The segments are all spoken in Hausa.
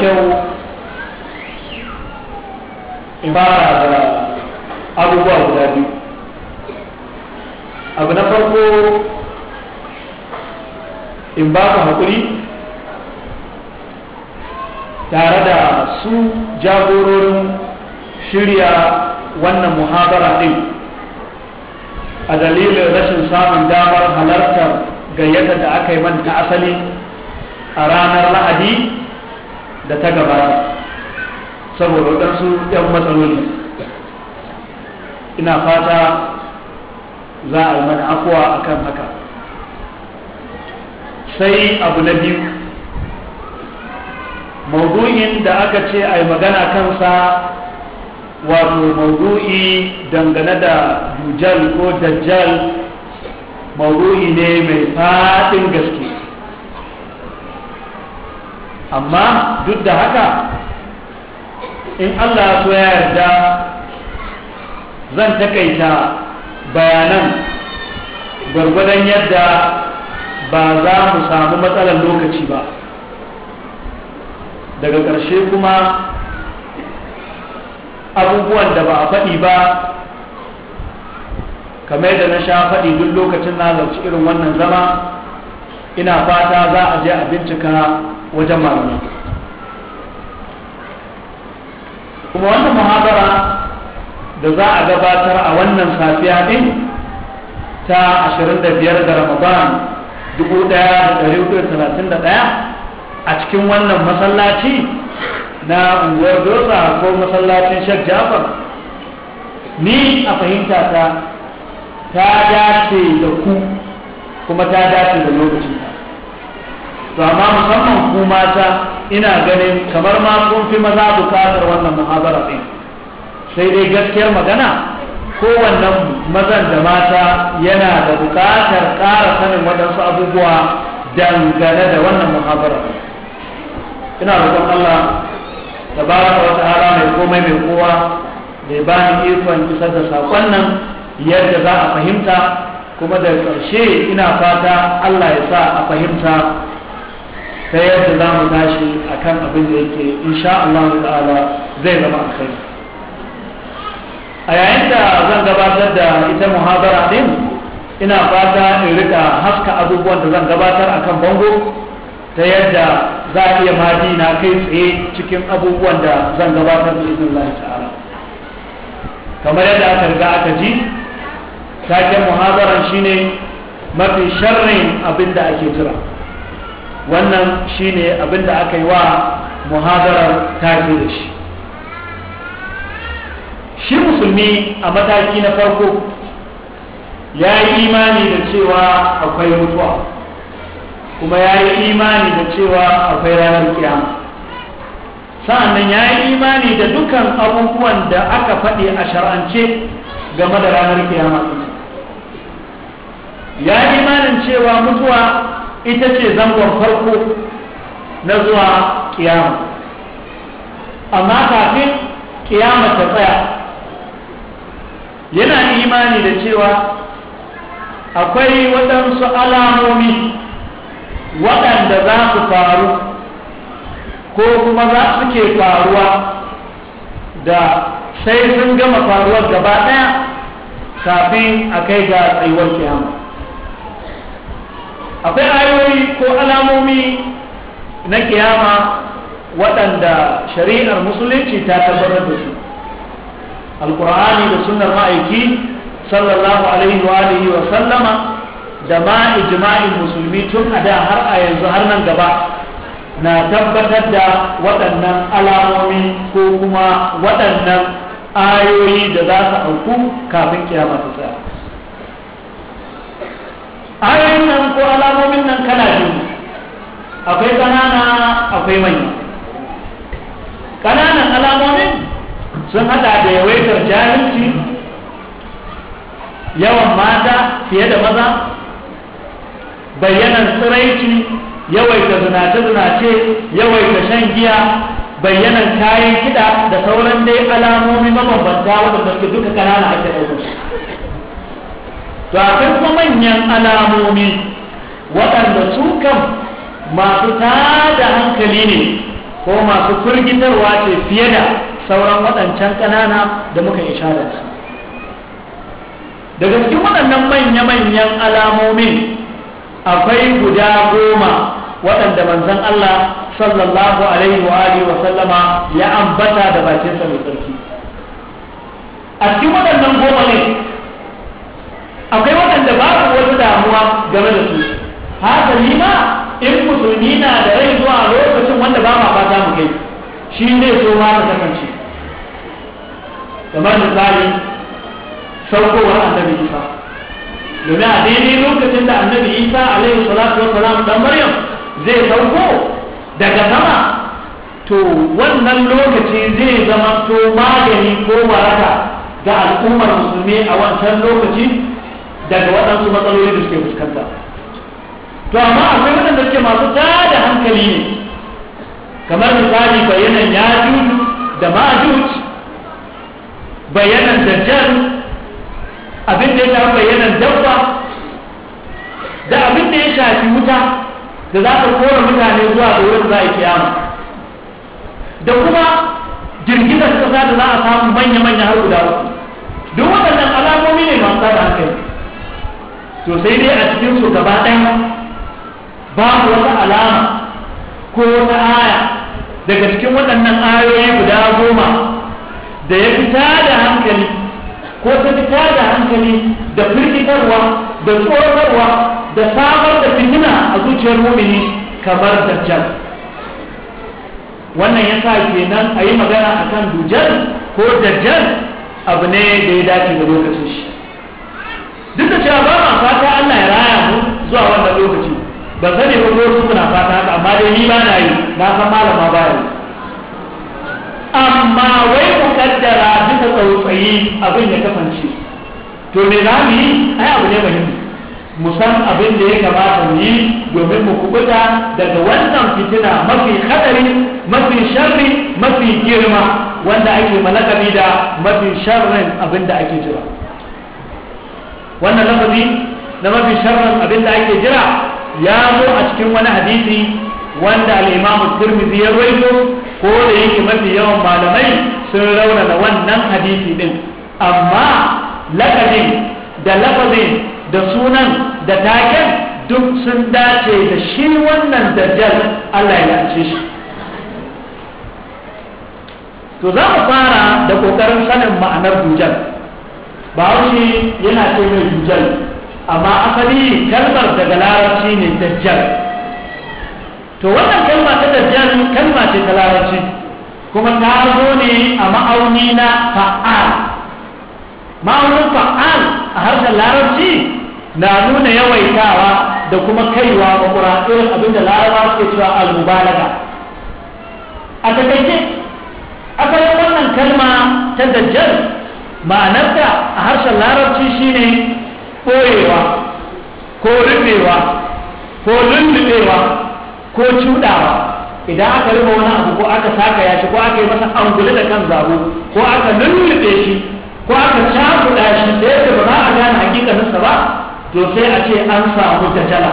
kyau in fara da abubuwa guda biyu abu na farko in ba ka haƙuri tare da su jagororin shirya wannan muhabara ɗin a dalilin rashin samun damar halartar gayyatar da aka yi manta asali a ranar lahadi da ta gaba saboda waɗansu 'yan matsaloli ina fata za a yi mana afuwa a kan haka sai abu na biyu maudu'in da aka ce a yi magana kansa wato maudu'i dangane da dujal ko dajjal maudu'i ne mai faɗin gaske amma duk da haka in Allah ya so ya yarda zan takaita bayanan gwargwadon yadda ba za mu samu matsalar lokaci ba daga ƙarshe kuma abubuwan da ba a faɗi ba kamar da na sha faɗi duk lokacin na zarci irin wannan zama ina fata za a je a bincika wajen malamai kuma wannan muhabara da za a gabatar a wannan safiya din ta 25 ga ramadan 1431 a cikin wannan masallaci na unguwar dosa ko masallacin shek jafar ni a fahimta ta ta dace da ku kuma ta dace da lokacinta to amma musamman ku mata ina ganin kamar ma kun fi maza bukatar wannan muhabara din sai dai gaskiyar magana kowannen mazan da mata yana da bukatar ƙara sanin waɗansu abubuwa dangane da wannan muhabara ina roƙon Allah tabaraka wata ta'ala mai komai mai kowa mai ba ni ikon isar da saƙon nan yadda za a fahimta kuma da ƙarshe ina fata Allah ya sa a fahimta ta yadda za mu tashi a kan abin da yake insha Allah ta'ala zai zama kai. a yayin da zan gabatar da ita muhabara din ina fata in rika haska abubuwan da zan gabatar a kan bango ta yadda za a iya maji na kai tsaye cikin abubuwan da zan gabatar da izin Allah ta'ala kamar yadda aka riga aka ji taken muhabaran shine mafi sharrin abin da ake jira wannan shine abin da aka yi wa muhadarar tarihi da shi shi musulmi a mataki na farko ya yi imani da cewa akwai mutuwa kuma ya yi imani da cewa akwai ranar kiyama sa'annan ya yi imani da dukkan abubuwan da aka faɗi a shar'ance game da ranar kiyama ya yi imanin cewa mutuwa ita ce zangon farko na zuwa kiyama amma kafin kiyama ta tsaya yana imani da cewa akwai waɗansu alamomi waɗanda za su faru ko kuma za su ke faruwa da sai sun gama faruwar gaba ɗaya kafin a kai ga tsayuwar kiyama akwai ayoyi ko alamomi na kiyama waɗanda shari'ar musulunci ta tabbatar da su alkur'ani da sunnar ma'aiki sallallahu alaihi wa alihi wa sallama da ma ijma'in musulmi tun a da har a yanzu har nan gaba na tabbatar da waɗannan alamomi ko kuma waɗannan ayoyi da za su auku kafin kiyama ta tsaya ayoyin nan ko alamomin nan kana biyu akwai kanana akwai manya ƙananan alamomin sun hada da yawaitar jahilci yawan mata fiye da maza bayyanar tsiraici yawaita zinace-zinace yawaita shan giya bayyanar kayan kiɗa da sauran dai alamomi mabambanta waɗanda suke duka kanana ake ɗaukar to akwai kuma manyan alamomi waɗanda su kan masu tada hankali ne ko masu firgitarwa ce fiye da sauran waɗancan ƙanana da muka yi su daga cikin waɗannan manya-manyan alamomi akwai guda goma waɗanda manzon Allah sallallahu alaihi wa alihi wa sallama ya ambata da bakinsa mai tsarki a cikin waɗannan goma ne akwai waɗanda ba su wata damuwa game da su haka ni ma in musulmi na da rai zuwa lokacin wanda ba ma fata mu kai shi ne so ma ta kasance kamar misali saukowar annabi isa domin a daidai lokacin da annabi isa alaihi salatu wa salam dan maryam zai sauko daga sama to wannan lokaci zai zama to magani ko waraka ga al'ummar musulmi a wancan lokaci daga waɗansu matsaloli da suke fuskanta to amma akwai waɗanda suke masu da hankali ne kamar misali bayanan yajuj da majuj bayanan jan abin da ya shafi bayanan dabba da abin da ya shafi wuta da za ta kora mutane zuwa ga wurin za a kiyama da kuma girgizar kasa da za a samu manya-manya har guda uku duk waɗannan alamomi ne masu da hankali to sai dai a cikin su gaba ɗaya babu wata alama ko wata aya daga cikin waɗannan ayoyi guda goma da ya fi da hankali ko ta fita da hankali da firgitarwa da tsoratarwa da samar da fitina a zuciyar mumini kamar dajjal wannan ya sa kenan a yi magana a kan dujjal ko dajjal abu ne da ya dace da lokacin shi duk da cewa ba ma fata Allah ya raya mu zuwa wannan lokaci ba sani ba ko su kuna fata haka amma dai ni ba na yi na san malama ba yi amma wai ku kaddara duka tsautsayi abin ya kasance to me za mu yi ai abu ne muhimmi mu san abin da ya kamata mu yi domin mu kubuta daga wannan fitina mafi hadari mafi sharri mafi girma wanda ake malakabi da mafi sharrin abin da ake jira wannan lafazi na mafi sharrin abin da ake jira ya zo a cikin wani hadisi wanda al-imamu ya rawaito ko da yake mafi yawan malamai sun rauna da wannan hadisi din amma lakabin da lafazin da sunan da taken duk sun dace da shi wannan dajjal Allah ya lalace shi to za mu fara da ƙoƙarin sanin ma'anar dujal bahaushe yana ce mai dujjal amma asali kalmar daga larabci ne dajjal to wannan kalma ta dajjal kalma ce ta larabci kuma ta zo ne a ma'auni na fa'al ma'aunin fa'al a harshen larabci na nuna yawaitawa da kuma kaiwa ƙura irin abinda larabawa suke cewa al-mubalaga a takaice asalin wannan kalma ta dajjal ma'anarta a harshen larabci shine ɓoyewa ko rubewa ko lullubewa ko cuɗawa idan aka rufe wani abu ko aka saka ya shi ko aka yi masa angulu da kan zabo ko aka lullube shi ko aka cakuɗa shi da yadda ba za a gane hakikaninsa ba to sai a ce an samu dajala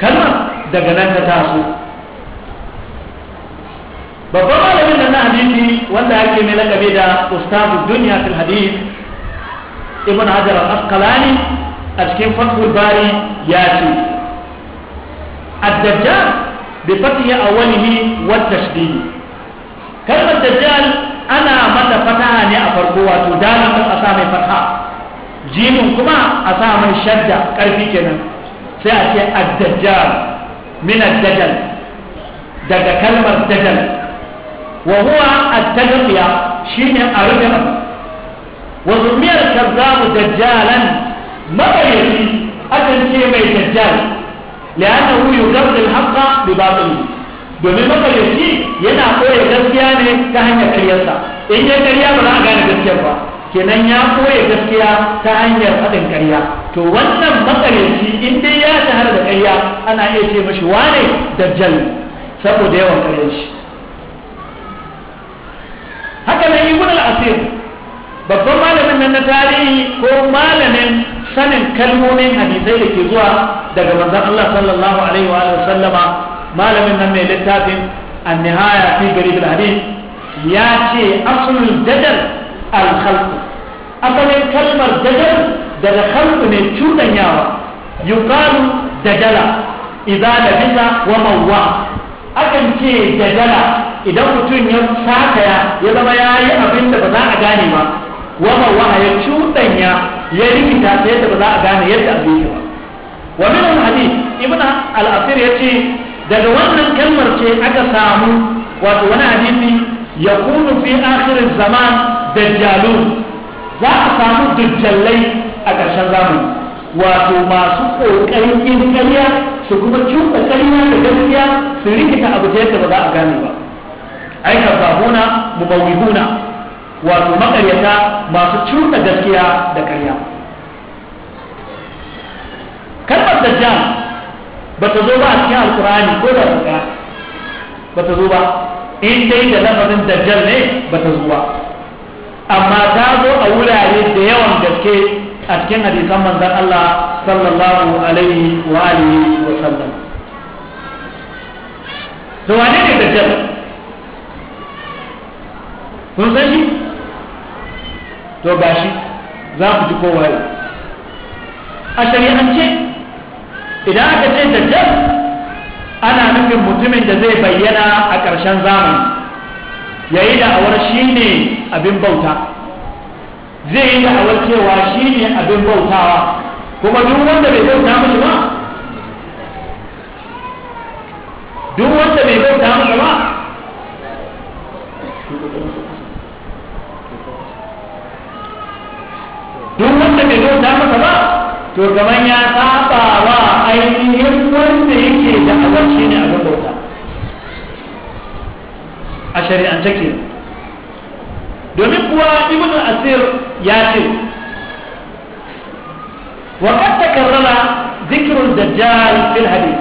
kalmar daga nan ta taso babban malamin wannan hadisi wanda yake mai lakabi da ustazu duniya fil hadith ibn hajar al-asqalani a cikin fathul bari ya ce ad-dajjal bi fatihi awwalihi wa tashdid kalmar dajjal ana mata fataha ne a farko wato dalilin a sa mai fataha kuma a sa mai shadda karfi kenan sai a ce ad-dajjal min ad-dajjal daga kalmar dajjal وهو التقطيع شين أرجم وضمي الكذاب دجالا ما بيتي أدن شيء يتجال لأنه يقرد الحق بباطل دومي ما بيتي ينا قوي جسكياني كهنية كريسة إن يكريا ولا أغاني جسكيبا كنا نيا قوي جسكيا كهنية أدن كريا تو وانا ما بيتي إن دي يا تهرد كريا أنا إيشي مشواني دجال سبو ديوان كريش haka nan yi al-asir babban malamin nan na tarihi ko malamin sanin kalmomin hadisai da ke zuwa daga manzon Allah sallallahu alaihi wa sallama malamin nan mai littafin an-nihaya fi gari al-hadith ya ce aslul dadal al-khalq asalin kalmar dadal daga halku ne cudanyawa yuqalu dadala da bisa wa mawwa akan ce dala idan mutum ya sakaya ya zama ya yi abin da ba za a gane ba wama waha ya cuɗanya ya rikita ta yadda ba za a gane yadda abin yake ba wa min al-hadith ibn al-asir ce daga wannan kalmar ce aka samu wato wani hadisi ya kunu fi akhir zaman dajjalun za a samu dajjalai a ƙarshen zamani wato masu kokarin yin ƙarya su kuma cuta ƙarya da gaskiya su rikita abu da yadda ba za a gane ba ai kazzabuna mubawihuna wato makaryata masu cuta gaskiya da ƙarya kalmar dajjal ba ta zo ba a cikin alkurani ko da ba ba ta zo ba in dai da lafazin dajjal ne ba ta zo ba amma ta zo a wurare da yawan gaske a cikin hadisan manzan Allah sallallahu alaihi wa alihi wa sallam to wane ne dajjal kun san shi to ba shi, za ku ji kowa yau a shari'ance idan aka ce dajjal ana nufin mutumin da zai bayyana a ƙarshen zamani yayi da awar shine abin bauta zai yi da'awar cewa shi ne abin bautawa kuma duk wanda bai bauta mashi ba duk wanda bai bauta mashi ba duk wanda bai bauta masa ba to gaban ya saba wa ainihin wanda yake da'awar shi ne abin bauta a shari'ance kenan domin kuwa ibn asir ya ce wa qad takarrara dhikrul dajjal fil hadith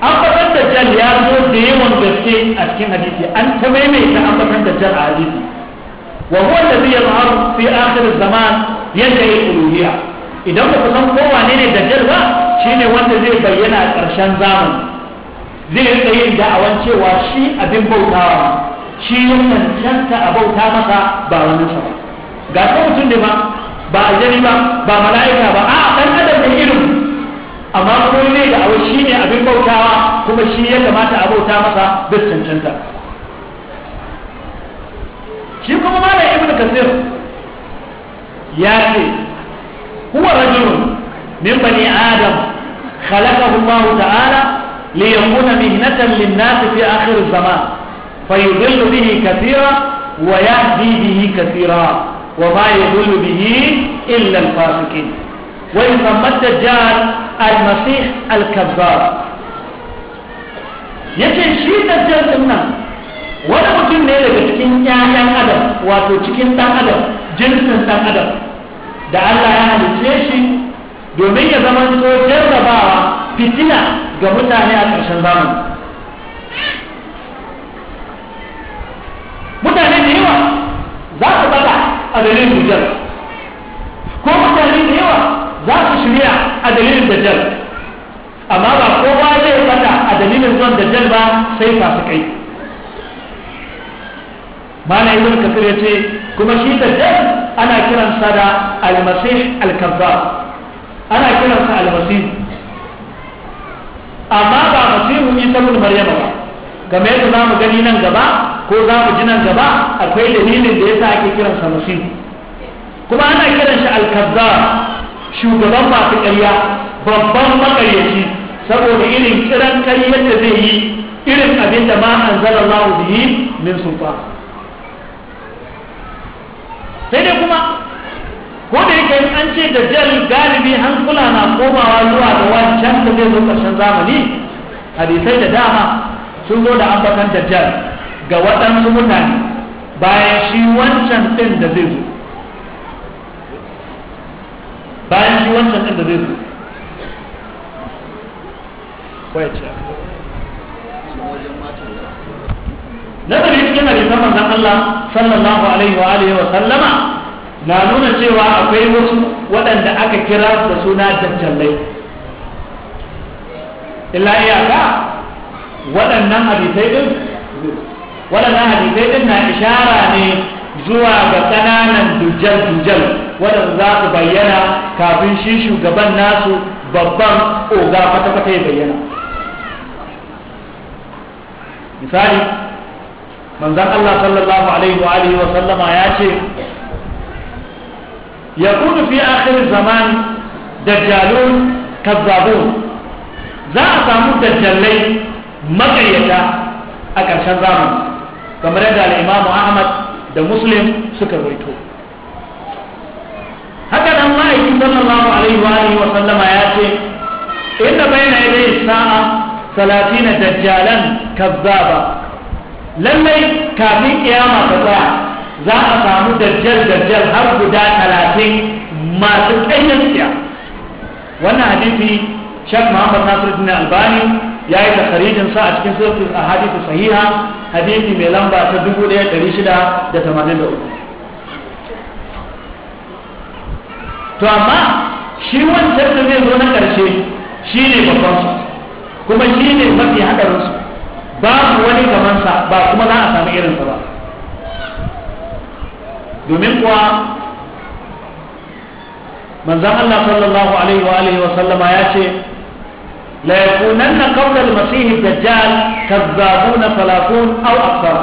ambatan dajjal ya zo da yawan gaske a cikin hadisi an ta maimaita ambatan dajjal a hadisi wa huwa alladhi yadhharu fi akhir zaman yantahi uluhiyya idan ba ku san ko wane ne dajjal ba shine wanda zai bayyana a ƙarshen zamani zai rika yin da'awan cewa shi abin bautawa shi ya cancanta a bauta masa ba wani sa ba ga ko mutum da ba ba aljani ba ba mala'ika ba a dan adam da irin amma ko ne da awai shi ne abin bautawa kuma shi ya kamata a bauta masa duk cancanta shi kuma malam ibnu kasir ya ce huwa rajulun min bani adam خلقه الله تعالى ليكون مهنة للناس في آخر الزمان فيضل به كثيرا ويهدي به كثيرا وما يضل به إلا الفاسقين ويسمى الدجال المسيح الكذاب yace shi dajjal din nan wani mutum ne daga cikin ƴaƴan adam wato cikin ɗan adam jinsin ɗan adam da Allah ya halice shi domin ya zama so jarrabawa fitina ga mutane a ƙarshen zamani mutane da yawa za su bata a dalilin dujjal ko mutane da yawa za su shirya a dalilin dajjal amma ba kowa zai bata a dalilin zuwan dajjal ba sai kai. mana ibn kafir ya ce kuma shi dajjal ana kiransa da almasih alkazzab ana kiransa almasih amma ba masihu isa ibn maryama ba kamar yadda za mu gani nan gaba ko za mu ji nan gaba akwai dalilin da ya sa ake kiran sa masihu kuma ana kiran shi alkazza shugaban masu ƙarya babban maƙaryaci saboda irin kiran ƙaryar da zai yi irin abin da ma an zala da yi min sufa sai dai kuma ko da yake an ce da jal galibi hankula na komawa zuwa da wancan da zai zo ƙarshen zamani hadisai da dama sun zo da ambatan dajjal ga waɗansu mutane bayan shi wancan ɗin da zai zo bayan shi wancan ɗin da zai zo nazari cikin hadisan manzon Allah sallallahu alaihi wa alihi wa sallama na nuna cewa akwai wasu waɗanda aka kira da suna dajjalai illa iyaka waɗannan hadisai ɗin waɗannan hadisai din na ishara ne zuwa ga ƙananan dujjal-dujjal waɗanda za su bayyana kafin shi shugaban nasu babban oga kwata-kwata ya bayyana misali manzan Allah sallallahu alaihi wa alihi wa sallama ya ce ya kudu fi akhirin zaman dajjalun kazzabun za a samu dajjalai makaryata a ƙarshen zamani kamar yadda al'imamu ahmad da muslim suka roito haka nan ma'aikin sallallahu alaihi wa wa sallama ya ce inda yi yadda sa'a salatina dajjalan kazzaba lallai kafin kiyama ta tsaya za a samu dajjal dajjal har guda talatin masu ƙayyar wannan hadisi shek muhammad nasiruddin albani ya yi takarijin sa a cikin sirrin ahadithu sahiha hadisi mai lamba ta 1683 to amma shi wancan da zai zo na karshe shi ne babban su kuma shi ne mafi haɗarin su su wani kamar sa ba kuma za a samu irinsa ba domin kuwa manzan Allah sallallahu alaihi wa wa sallama ya ce لا يكونن قبل المسيح الدجال كذابون ثلاثون او اكثر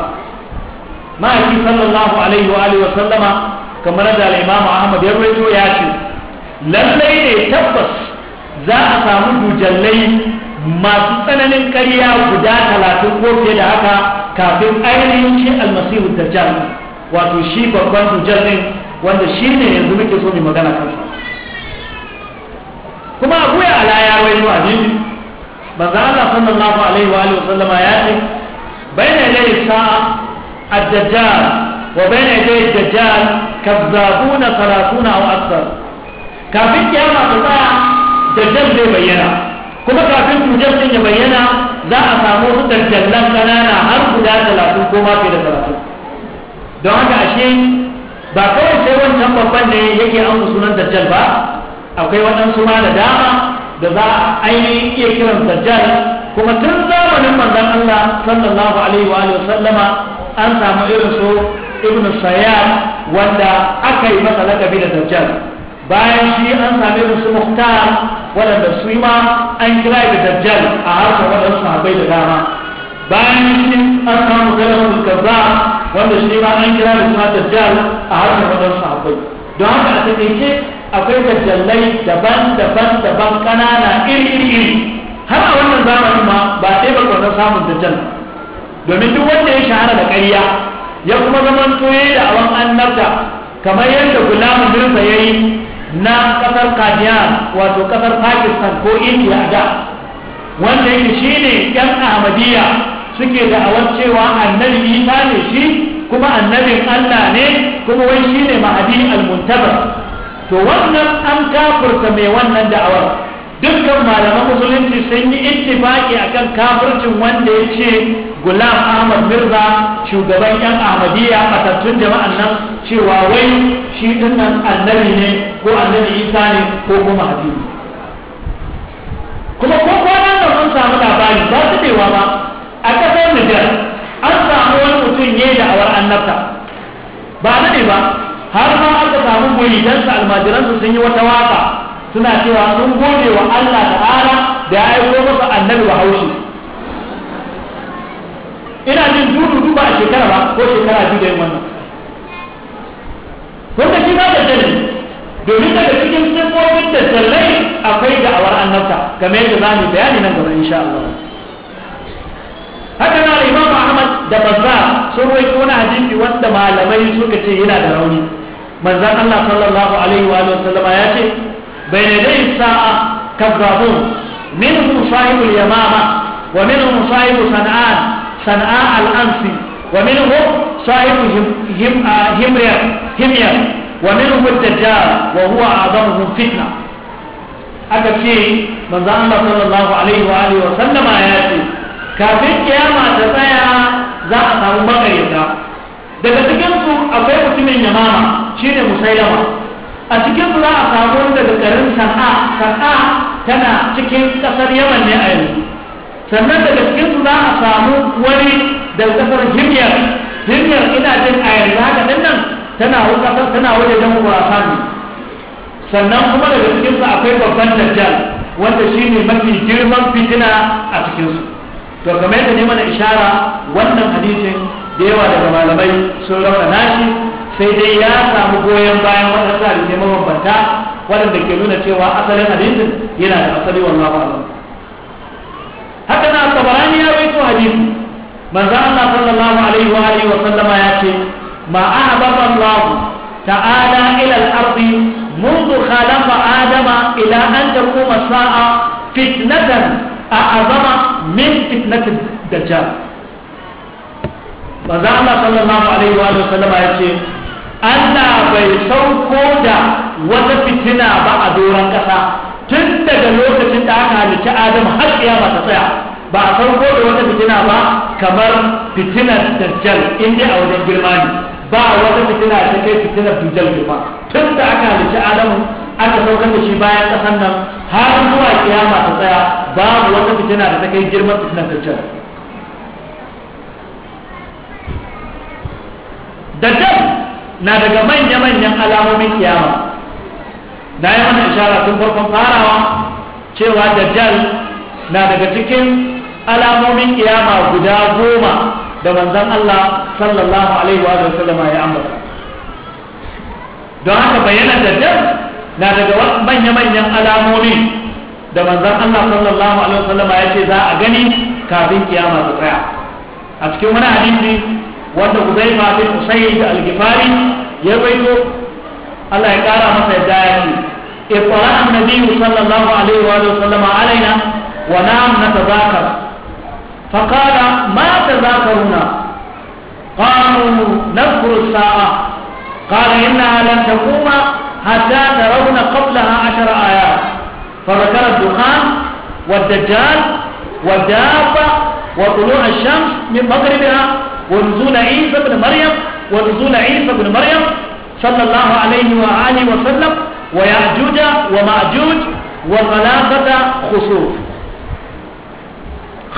ما في صلى الله عليه واله وسلم كما رد الامام احمد يروي ياتي لذي تبس ذا اسامو دجلي ما تصننن قريا غدا 30 كو في ده هكا كافين اينين المسيح الدجال واتو شي بابان دجلين وانا شي ne yanzu muke kuma abu ya ala ya rawaito ba manzo Allah sallallahu alaihi wa alihi wasallam ya ce bayna yaday sa'a ad-dajjal wa bayna yaday ad-dajjal kazzabuna 30 aw akthar kafin kiyama ta tsaya dajjal zai bayyana kuma kafin dajjal din ya bayyana za a samu su dajjalan kanana har guda 30 ko ma fiye da 30 don haka ashe ba kawai sai wancan babban ne yake an sunan dajjal ba akwai waɗansu ma da dama da za a ainihin iya kiran sajjal kuma tun zamanin manzon Allah sallallahu alaihi wa sallama an samu irin su ibn sayyad wanda aka yi masa lakabi da dajjal bayan shi an sami irin su muhtar waɗanda su ma an kira da dajjal a harshen waɗansu sahabbai da dama bayan shi an samu galan kaza wanda shi ma an kira da suna dajjal a harshen waɗansu sahabbai don haka a taƙaice akwai dajjallai daban-daban daban ƙanana iri-iri har a wannan zamanin ma ba sai ba kwanar samun dajjal domin duk wanda ya shahara da ƙarya ya kuma zaman toye da awon annabta kamar yadda gulamun mirza ya yi na ƙasar kadiyan wato ƙasar pakistan ko indiya da wanda yake shine yan ahmadiyya suke da awon cewa annabi isa ne shi kuma annabin allah ne kuma wai shine mahadi al-muntabar to wannan an kafirta mai wannan da'awar dukkan malaman musulunci sun yi ittifaki akan kafircin wanda ya ce gulam ahmad mirza shugaban yan ahmadiyya matattun jama'an nan cewa wai shi dinnan annabi ne ko annabi isa ne ko kuma hadisi kuma ko kwanan nan an samu labari ba su dewa ba a kasar nijar an samu wani mutum ya yi da'awar annabta ba ne ba har ma aka samu muridansa almajiransu sun yi wata waka suna cewa sun gode wa Allah ta'ala da ya aiko masa annabi bahaushe ina jin dudu duba a shekara ba ko shekara biyu da yin wannan kun ga kira da jani domin daga cikin sifofin da sallai akwai da awar annabta game da za mu bayani nan gaba insha Allah haka na Imam Ahmad da Bazzar sun roƙi wani hadisi wanda malamai suka ce yana da rauni manzan Allah sallallahu alaihi wa sallama ya ce bai ne dai sa'a kazzabun minhum sahibul yamama wa minhum sahibu sana'an sana'a al-ansi wa minhum sahibu himriya himriya wa minhum ad-dajjal wa huwa a'zamuhum fitna aka ce manzan Allah sallallahu alaihi wa alihi wa sallama ya ce kafin kiyama ta tsaya za a samu makarita daga cikin su akwai mutumin yamama shine musailama a cikin za a samu daga garin sana'a sana'a tana cikin kasar yaman ne a yanzu sannan daga cikin za a samu wani daga kasar himyar himyar ina jin a yanzu haka din nan tana kasar tana wajen ne sannan kuma daga cikin su akwai babban dajjal wanda shine mafi girman fitina a cikin su to kamar yadda ne mana ishara wannan hadisin da yawa daga malamai sun rauna nashi sai dai ya samu goyon bayan waɗansu hadisai mabambanta waɗanda ke nuna cewa asalin hadisin yana da asali wallahu a'lam haka na tabarani ya rawaito hadisi manzo Allah sallallahu alaihi wa alihi wa sallama ya ce ma ahabba Allah ta'ala ila al ardh منذ خلق آدم إلى أن تقوم الساعة فتنة أعظم من فتنة الدجال manzo Allah sallallahu alaihi wa sallama ya ce Allah bai sauko da wata fitina ba a doron ƙasa tun daga lokacin da aka halitta Adam har kiyama ta tsaya ba a sauko da wata fitina ba kamar fitinar Dajjal in dai a wajen girma ne ba wata fitina ta kai fitinar Dajjal girma tun da aka halitta Adam aka saukar da shi bayan ƙasan nan har zuwa kiyama ta tsaya babu wata fitina da ta kai girman fitinar Dajjal Dajjal na daga manya-manyan alamomin kiyama na yi wani ishara tun farkon farawa cewa dajjal na daga cikin alamomin kiyama guda goma da manzan Allah sallallahu alaihi wa sallama ya ambata don haka bayyana dajjal na daga manya-manyan alamomi da manzan Allah sallallahu alaihi wa sallama ya ce za a gani kafin kiyama su tsaya a cikin wani hadisi wanda Uzaifa bin Usayd al-Ghifari ya baito Allah ya kara masa yadda ya ce iqra an sallallahu alaihi wa sallam alaina wa na'am natadhakar فقال ما تذاكرون قالوا نذكر الساعة قال إنها لن تقوم حتى ترون قبلها عشر آيات فذكر الدخان والدجال والدابة وطلوع الشمس من مغربها ونزول عيسى بن مريم ونزول عيسى بن مريم صلى الله عليه وآله وسلم ويأجوج ومأجوج وثلاثة خصوف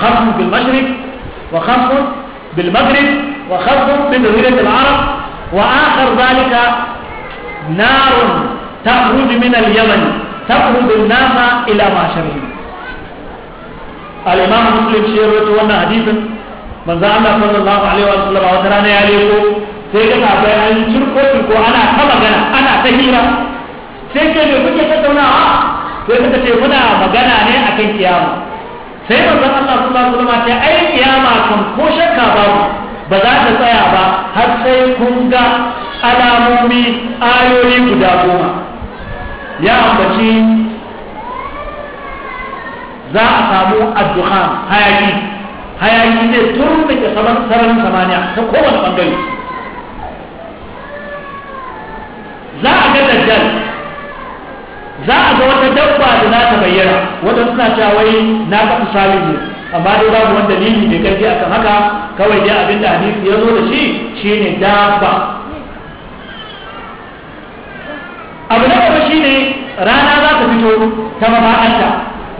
خصم بالمشرق وخصم بالمغرب وخصم بظهيرة العرب وآخر ذلك نار تخرج من اليمن تخرج الناس إلى معشرهم الإمام مسلم شيرت أن حديثا manzo Allah sallallahu alaihi wa sallam wata rana ya leko sai ga sabai an turko turko ana ta magana ana ta hira sai ke me kuke tattaunawa sai suka ce muna magana ne akan kiyama sai manzo Allah sallallahu alaihi wa sallam ya ai kiyama kan ko shakka ba ba za ta tsaya ba har sai kun ga alamomi ayoyi guda goma ya ambaci za a samu addu'a hayaki hayaki zai saman sararin samaniya ta kowane bangare za a ga dajjal za a ga wata dabba da za ta bayyana wata suna cewa na ga misali ne amma dai babu wanda dalili mai karfi kan haka kawai dai abin da hadisi ya zo da shi shine dabba abu na gaba shine rana za ta fito ta mafa'anta,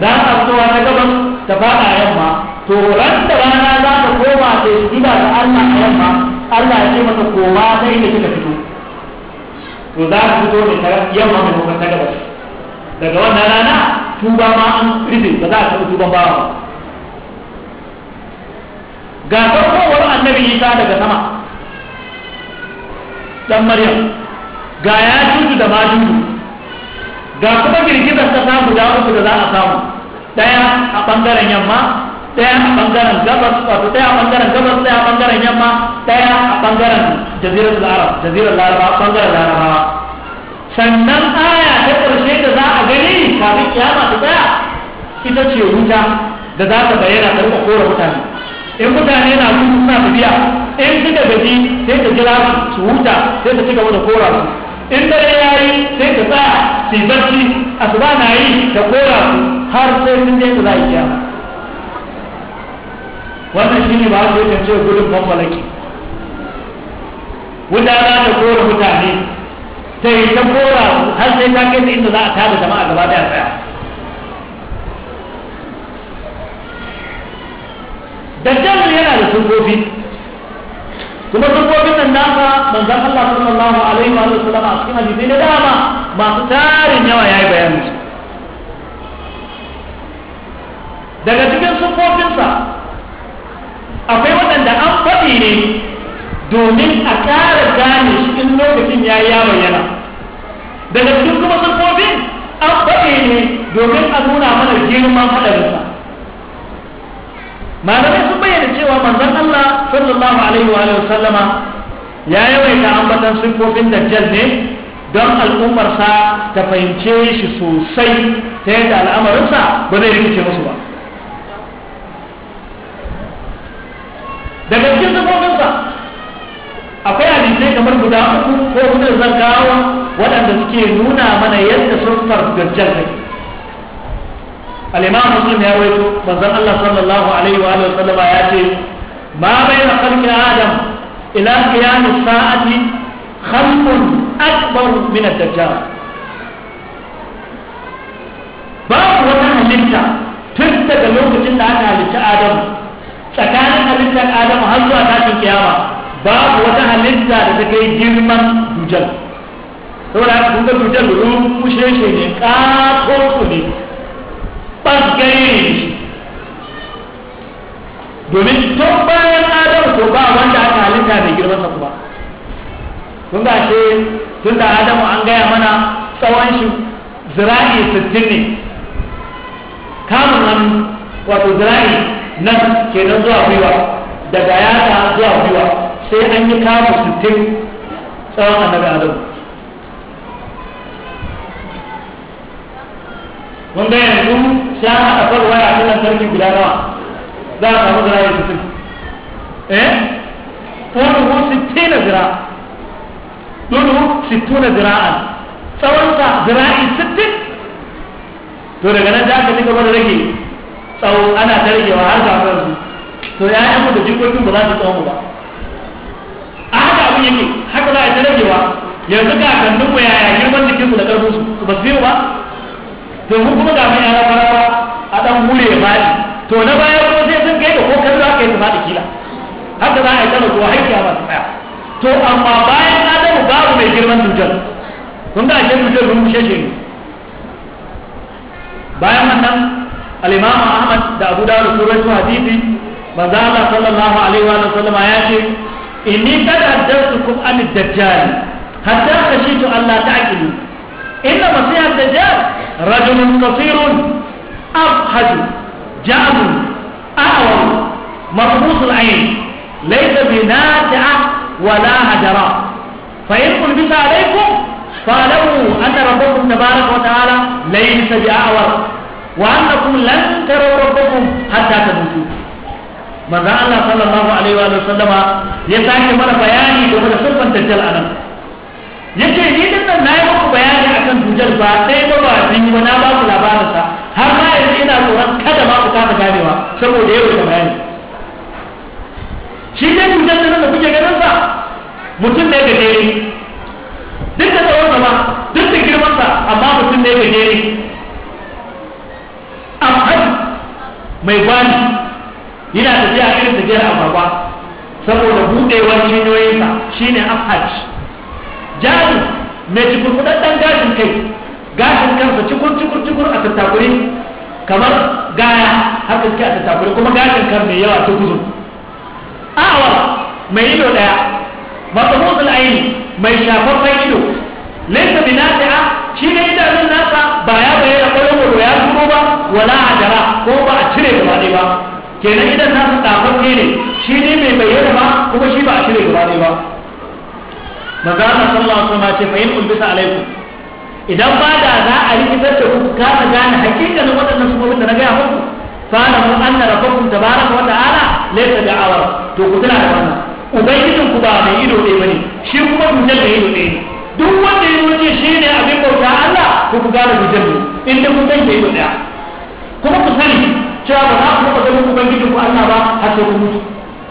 rana fitowa ta gaban ta faɗa yamma to ran da rana za ta koma ta ba da Allah a yamma Allah ya ce mata koma sai da kika fito to za ka fito ne ta yamma da kuma ta gaba daga wannan rana tuba ma an rizin ba za ka taɓa tuban ba ga saukowar annabi isa daga sama dan maryam ga ya cutu da majuju ga kuma girgizar ta samu da uku da za a samu daya a bangaren yamma ɗaya a bangaren gabas wato ɗaya a ɓangaren gabas ɗaya a ɓangaren yamma ɗaya a bangaren jazirar arab jazirar larabawa bangaren larabawa sannan aya ta ƙarshe da za a gani kafin kiyama ta tsaya ita ce wuta da za ta bayyana ta rika kora mutane in mutane na gudu suna tafiya in suka gaji sai ta jira su huta sai ta ci gaba da kora su in dare ya yi sai ta tsaya su yi barci asuba na yi ta kora su har sai sun je za a yi kiyama wannan shi ne ba su kance ce gudun bambalaki wuta da ta mutane ta yi ta kora har sai ta kai inda za a tada jama'a gaba daya tsaya dajjal yana da sunkofi kuma sunfofin nan nasa manzan Allah sallallahu alaihi wa sallam a cikin hadisi da dama masu tarin yawa yayi bayanin daga cikin sunfofinsa akwai waɗanda an faɗi ne domin a ƙara gane shi in lokacin ya yi yawon yana daga cikin kuma siffofin an faɗi ne domin a nuna mana girman haɗarinsa malamai sun bayyana cewa manzon Allah sallallahu alaihi wa sallama ya yawaita ambatan da dajjal ne don al'ummarsa ta fahimce shi sosai ta yadda al'amarinsa ba zai rikice musu ba daga cikin sifofinsa akwai alisai kamar guda uku ko hudu zan kawo waɗanda suke nuna mana yadda sun dajjal take al muslim ya rawaito manzon Allah sallallahu alaihi wa alihi wasallama ya ce ma bayna khalqi adam ila qiyam as-sa'ati khalqun akbar min ad-dajjal babu wata halitta tun daga lokacin da aka halitta adam tsakanin halittar adamu har zuwa tashin kiyama babu wata halitta da ta kai girman dujal saboda haka kun ga dujal rumusheshe ne ƙatonsu ne ɓangare ne domin tun bayan adamu to ba wanda aka halitta mai girman sa kuma kun ga ce tun da adamu an gaya mana tsawon shi zira'i sittin ne kamun hannu wato zira'i nan kenan zuwa gwiwa daga ta zuwa gwiwa sai an yi kama sittin tsawon annabi adam mun ga yanzu sai an haɗa farwa ya fi lantarki guda nawa za a samu zira ya sittin eh wani ko sittin na zira dudu sittin na zira'an tsawonsa zira'i sittin to daga nan za ka ci gaba da rage tsawo ana tarjewa har kafin su to ya yi mu da jikokin ba za su tsawo ba a haka abin yake haka za a wa yanzu kandun mu yaya girman jikinsu da karfin su ba su biyu ba to mu kuma ga mai yara farawa a dan hure ya faɗi to na baya ko sai sun kai da ko kan za ka yi su faɗi kila haka za a yi tsaro ko haikiya ba su tsaya to amma bayan adamu babu mai girman dujal kun ga ashe dujal rumushe shi ne bayan wannan الامام احمد دا ابو داود قرئ حديثي مازال صلى الله عليه واله وسلم اياك اني قد حدثتكم عن الدجال حتى خشيت ان لا تعقلوا ان الدجال رجل قصير افحج جام اعور مخبوط العين ليس بناتع ولا هجراء فان قلبت عليكم فاعلموا ان ربكم تبارك وتعالى ليس باعور wa annakum lan taraw rabbakum hatta tamutu manzo Allah sallallahu alaihi wa sallama ya sake mana bayani game da sulfan dajjal anan yace ni din na nayi muku bayani akan dajjal ba sai ba ba ni na ba ku labarin sa har ma yanzu ina tsoron kada ma ku kasa ganewa saboda yau da bayani shi ne dajjal nan da kuke ganin sa mutum ne gajere duk da tsawon sa duk da girman amma mutum ne gajere ahad mai gwani yana tafiya irin tafiyar ababa saboda buɗewar cinyoyinsa shine ahad Jami mai cikurkudaddan gashin kai gashin kansa cikin cikur cikur a tattakuri kamar gaya haka suke a tattakuri kuma gashin kan mai yawa ta guzu awa mai ido daya matsamotsin aini mai shafaffen ido laisa binasi'a shi ne idanun nasa ba ya wala adara ko ba a cire gaba ɗaya ba kenan idan su ɗafaffe ne shi ne mai bayyana ba kuma shi ba a cire gaba ɗaya ba za Allah sallallahu alaihi wasallam ce fa in umbisa alaikum idan ba da za a rikitar da ku kasa gane hakikanin waɗannan sufofin da na gaya muku fa'alamu anna rabbakum tabaraka wa ta'ala laysa awa to ku tana da wannan ubangijin ku ba mai ido ɗaya bane shi kuma dujal da ido ɗaya duk wanda ya yi waje shi ne abin bauta Allah ku ku gane dujal ne in da kun san ido ɗaya kuma ku sani cewa ba za ku taɓa ganin ubangijin ku Allah ba har sai kun mutu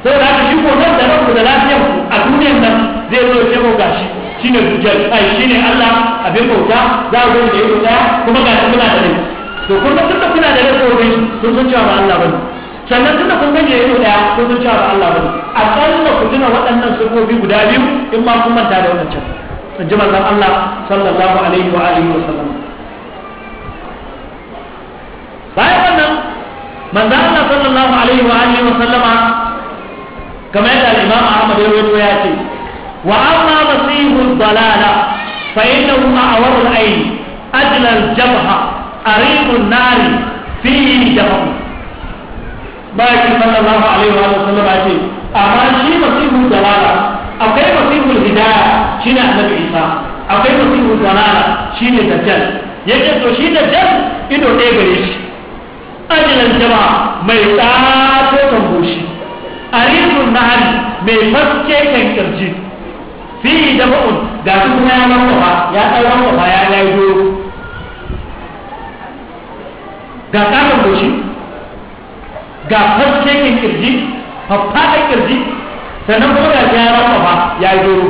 sai da shi ko nan da ranku da lafiyar ku a duniyar nan zai zo ya mu gashi shine dujal ai shine Allah abin bauta za ku da yau da kuma ga kuna da rai to kun ga tunda kuna da rai ko rai kun san cewa ba Allah bane sannan tunda kun ga yau da ya kun san cewa ba Allah bane akalla ku tuna waɗannan sifofi guda biyu in ma kun manta da wannan can in ji manzon Allah sallallahu alaihi wa alihi wa sallam bayan wannan manzo Allah sallallahu alaihi wa alihi wa sallama kamar yadda al-Imam Ahmad ya rawaito ya ce wa amma masihu dalala fa innahu ma'awar al-ayn ajla al-jabha ariq an-nar fihi jahm bayan sallallahu alaihi wa alihi wa sallama ya ce amma shi masihu dalala akwai masihu hidaya shine annabi Isa akwai masihu dalala shine dajjal yake to shi dajjal ido ɗaya gare shi ajilan jama'a mai tsato kan goshi na nahal mai faske kan kirji fi jama'un ga su kuma ya lankwafa ya ɗan lankwafa ya laido ga tsakan goshi ga faske kan kirji faffaɗa kirji sannan kuma ga ya lankwafa ya yi doro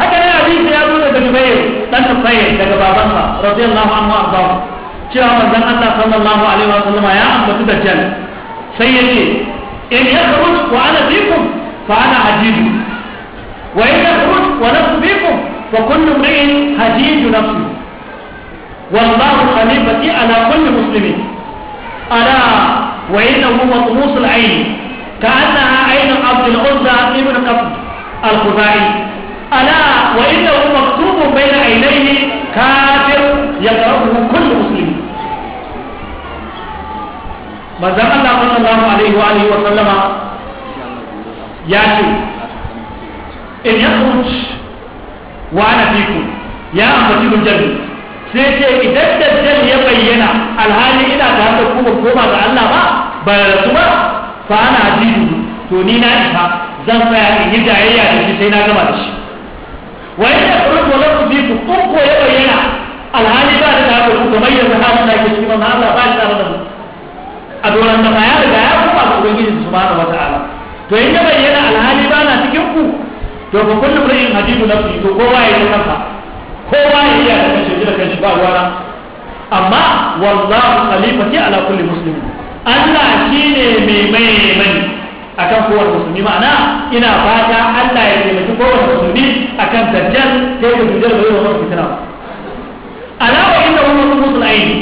haka ne abin ya zo daga dubai ɗan dubai daga babansa radiyallahu anhu arzahu cewa manzon Allah sallallahu alaihi wa sallama ya ambaci dajjal sai ya ce in yakhruj wa ana bikum fa ana hajiju wa in yakhruj wa nafsu bikum fa kullu imrin hajiju nafsu wallahu khalifati ala kulli muslimin ala wa innahu matmus al-ayn كأنها عين عبد الأنثى ابن قبل الخزاعي ألا وإنه مكتوب بين عينيه كافر يقرأه كل manzan Allah sallallahu alaihi wa alihi wa sallama ya ce in yakhruj wa ana fiku ya ambaci hujjar sai ce idan da dajjal ya bayyana alhali ina da haka kuma koma ga Allah ba ba rasu ba fa ana ajidu to ni na isa zan tsaya in yi jayayya da shi sai na gama da shi wa ne kuma ko lafu bi ku ko ya bayyana alhali ba da haka kuma kamar yanzu haka na ke cikin Allah ba shi da a doron da ya riga ya kuma su ubangiji wata ala. to in ga bayyana alhali ba na cikin ku to ba kullu ra'in hadidu nafsi to kowa ya yi kansa kowa ya yi da kanshi da kanshi ba wara amma wallahu khalifati ala kulli muslim Allah shine mai mai mai akan kowace musulmi ma'ana ina fata Allah ya taimaki kowace musulmi akan dajjal sai ku dujjar bai wa mutum ala wa inda wani mutum aini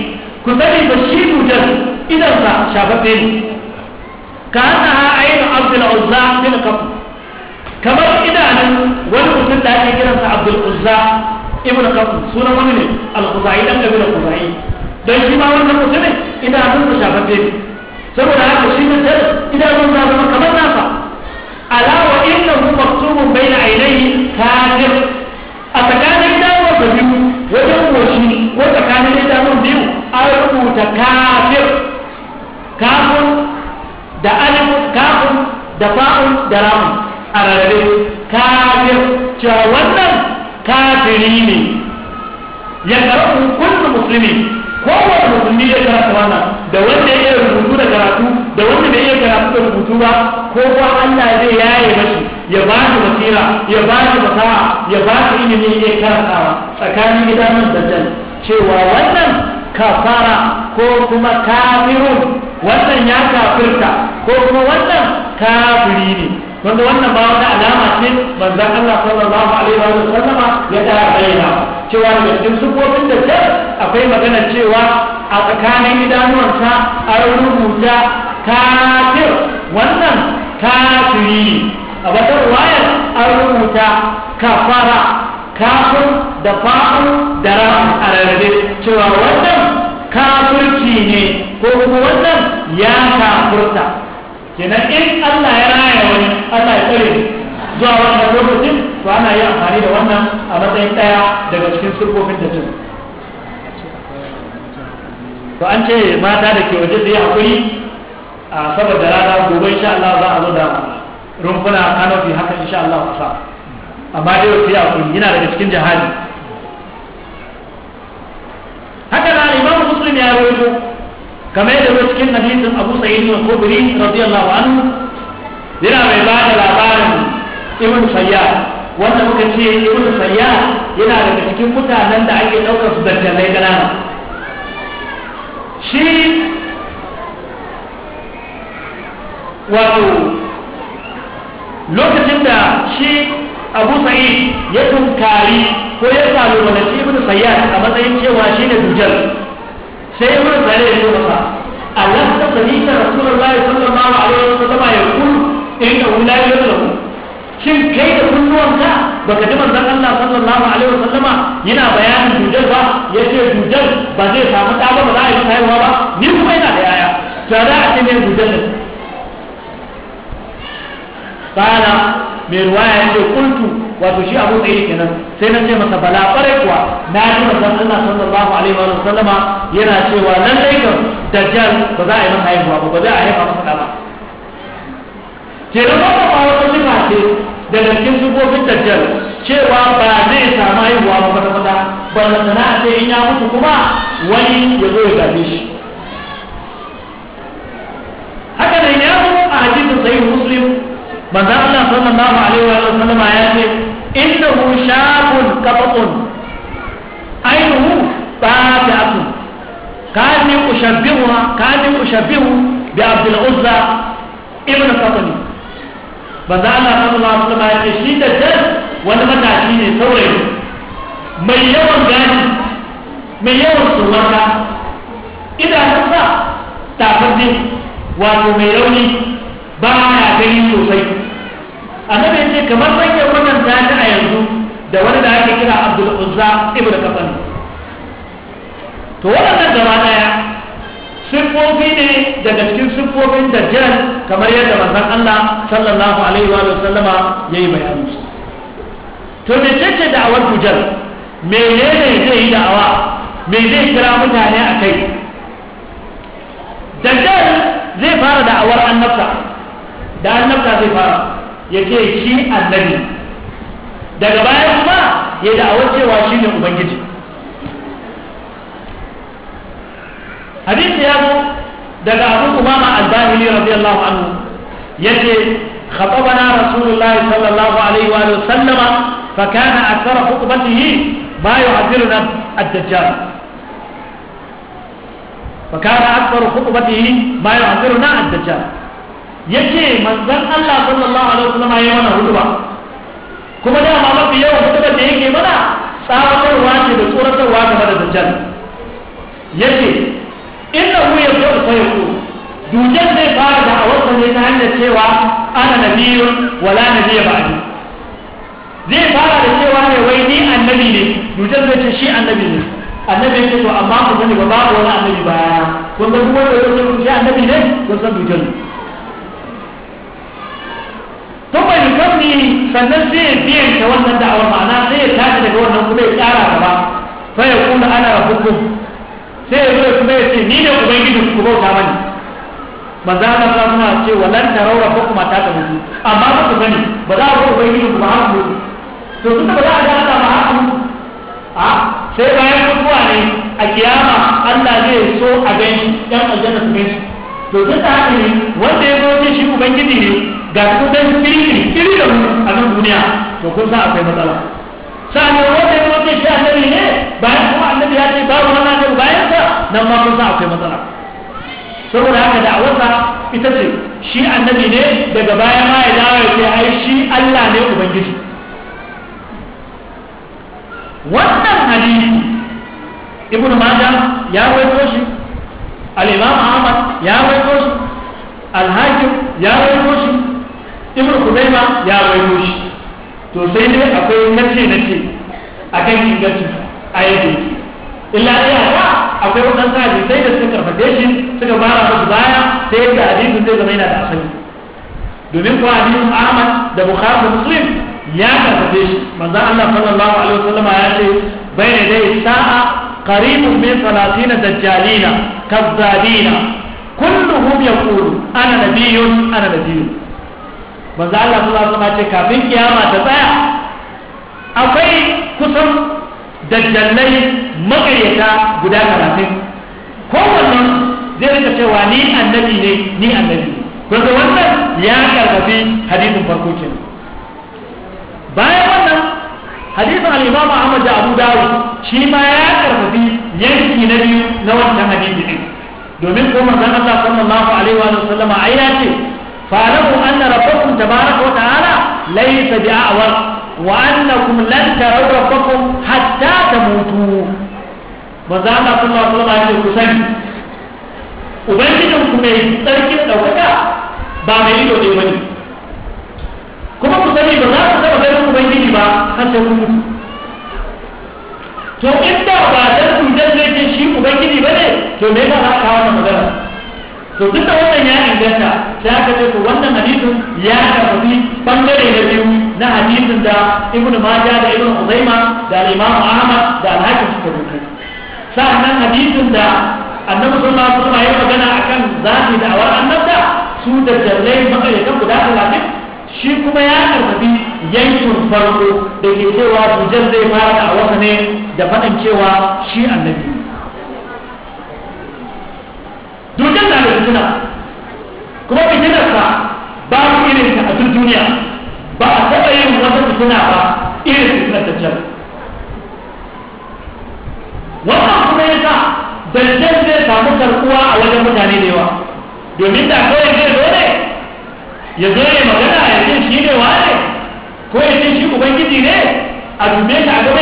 ku sani ba shi dajjal idansa shafaffe ne ka hana ha ainihin abdul uzza na kafu kamar idanun wani mutum da ake kiransa abdul uzza ibn kafu sunan wani ne al-kuzai dan kabilar kuzayi don shi ma wannan mutumin idanunsa shafaffe ne saboda haka shi mutum idanunsa zama kamar nasa alawa innahu maktubun bayna ainihin kafin da alif kafin da fa'un da ramun a rarrabe kafir cewa wannan kafiri ne ya karɓi kullum musulmi kowane musulmi ya karanta wannan da wanda ya iya rubutu da karatu da wanda bai iya karatu da rubutu ba ko kuma Allah zai yaye mashi ya ba shi basira ya ba shi fasaha ya ba shi ilimi ya karatawa tsakanin nan dajjal cewa wannan kafara ko kuma kafirun wannan ya kafirta ko kuma wannan kafiri ne wanda wannan ba wata alama ce manzon Allah sallallahu alaihi wa sallama ya da bayyana cewa da cikin sufofin da ke akwai magana cewa a tsakanin idanuwansa an rubuta kafir wannan kafiri ne a wata ruwayar an rubuta kafara kafin da fa'u da ra'u a rarrabe cewa wannan kafirci ne ko kuma wannan ya kafirta kenan in Allah ya raya wani Allah ya tsare zuwa wannan lokacin to ana yi amfani da wannan a matsayin ɗaya daga cikin surkofin da jin to an ce mata da ke waje zai a saboda rana gobe insha Allah za a zo da rumfuna kanofi haka insha Allah ku sa amma dai wasu yi haƙuri yana daga cikin jihadi muslim ya rawaito kamar yadda zo cikin hadisin abu sa'id al khudri radiyallahu anhu yana mai ba da labarin ibn sayya wanda muka ce ibn sayya yana daga cikin mutanen da ake daukar su dajjalai ganana shi wato lokacin da shi abu sa'id ya tunkari ko ya samu wani ibn sayya a matsayin cewa shi ne dujjal sai mun zare shi masa Allah ta sani ta Rasulullahi sallallahu alaihi wasallam ya kullu inna da ku. shin kai da ka baka ji manzon Allah sallallahu alaihi wasallama yana bayanin dujal ba yace dujal ba zai samu da ba za a yi haihuwa ba ni kuma ina da yaya tare da a ce ne dujal ne kana mai ruwaya yace kultu wato shi abu da yake nan sai na ce masa bala kware kuwa na ji manzon Allah sallallahu alaihi wa sallama yana cewa nan dai kan dajjal ba za a yi masa haihuwa ba ba za a haifa masa da ba ke nan ba ba wata sifa ce da cikin sifofin dajjal cewa ba zai samu haihuwa ba kwata kwata ba na sana'a sai in ya mutu kuma wani ya zo ya gane shi haka ne ya zo a hadisin sahih muslim manzon Allah sallallahu alaihi wa sallama ya ce إنه شاب كبط عينه بابعة كان أشبهها كان أشبه بعبد العزة ابن قطني بذا الله صلى الله عليه وسلم يقول شيء دجال ولما تعشيني ثوري من يوم غاني من يوم صورك إذا تفا تعفدي وأنه ميروني بايا كريم سوسي annabi ce kamar zan wannan kwatanta ta a yanzu da wani da ake kira abdul uzza ibn kafan to waɗannan gaba ɗaya sifofi ne daga cikin siffofin dajjal kamar yadda manzon Allah sallallahu alaihi wa sallama yayi bayanin su to me ce da'awar dujjal menene zai yi da'awa me zai kira mutane a kai dajjal zai fara da'awar annabta da annabta zai fara ya ce shi annabi daga baya kuma ya da'awar cewa shi ne ubangiji hadisi ya zo daga abu umama al-bahili radiyallahu anhu yace خطبنا رسول الله صلى الله عليه وآله وسلم فكان أكثر خطبته ما يحذرنا الدجال فكان أكثر خطبته ما يحذرنا الدجال yace manzan Allah sallallahu alaihi wasallam ya mana hutuba kuma da ma mafi yawan hutubar da yake mana tsawatarwa ce da tsoratarwa game da dajjal yace innahu yabda'u ya yaqulu dujjal zai fara da awarsa ne ta hanyar cewa ana nabiyun wala nabiyya ba'di zai fara da cewa ne wai ni annabi ne dujjal zai ce shi annabi ne annabi ne to amma ku sani ba babu wani annabi ba kun ga duk wanda yake ce annabi ne kun san dujjal ne kuma ni sannan sai ya biyanta wannan da'awar ma'ana sai ya tashi daga wannan kuma ya tsara gaba fa ya kuma ana rabbukum sai ya zo kuma ya ce ni ne ubangiji ku bauta mani manzo Allah ta nuna ce walan tarau kuma ta ta mutu amma ba ku gani ba za ku ubangiji ku ba ku mutu to tunda ba za a ga Allah ba ku a sai bayan mutuwa ne a kiyama Allah zai so a gani dan aljanna su gani to duk da haka ne wanda ya zo ce shi ubangiji ne ga su dan kiri kiri da mu a nan duniya to kun san akwai matsala sa'an wanda ya wuce shi annabi ne bayan kuma annabi ya ce babu wani annabi bayan sa nan ma kun san akwai matsala saboda haka da awasa ita ce shi annabi ne daga baya ma ya dawo ya ce ai shi Allah ne ubangiji wannan hadisi ibn majah ya rawaito shi al-imam ahmad ya rawaito shi al-hakim ya rawaito ibn kudaima ya rawaito shi to sai dai akwai nace nace akan ingancin ayatin illa ya ga akwai waɗansu hadisai da suka karfafe shi suka fara musu baya sai yadda hadisin zai zama yana da asali domin kuwa hadisin ahmad da bukhari da muslim ya karfafe shi manzon allah sallallahu alaihi wasallama ya ce bayna dai sa'a قريب من ثلاثين دجالين كذابين كلهم يقول انا نبي انا نبي manzo Allah sallallahu zama ce kafin kiyama ta tsaya akwai kusan dajjalai makayyata guda karatun kowannen zai rika cewa ni annabi ne ni annabi wanda wannan ya karfafi hadisin farko kenan bayan wannan hadisin al-Imam Ahmad da Abu Dawud shi ma ya karfafi yanki na biyu na wannan hadisi domin ko manzon Allah sallallahu alaihi wa sallama ai ya ce فاعلموا أن ربكم تبارك وتعالى ليس بأعور وأنكم لن تروا ربكم حتى تموتوا maza Allah sallallahu alaihi wasallam ya ku sani ubangijin ku mai tsarkin daukaka ba mai ido ne kuma ku sani ba za ba to inda ba dan ku dan ne shi ubangiji bane to me ba za ka kawo magana to duk da wannan ya inganta sai aka ce to wannan hadisin ya karfafi bangare da biyu na hadisin da ibn majah da ibn uzaima da imam ahmad da al-hakim suka rubuta sannan hadisin da annabi sallallahu alaihi wasallam ya magana akan zati da awar annabta su da jallai kan guda 30 shi kuma ya karbi yankin farko da ke cewa dujan zai fara da awarsa ne da faɗin cewa shi annabi dukkan na da fitina kuma fitinar ba babu irin ta a duk duniya ba a taɓa yin wata fitina ba irin fitinar ta can wannan kuma ya sa zancen zai samu karkuwa a wajen mutane da yawa domin da kawai zai zo ne ya zo magana ya ce shi ne ko ya shi ubangiji ne a dume shi a gaba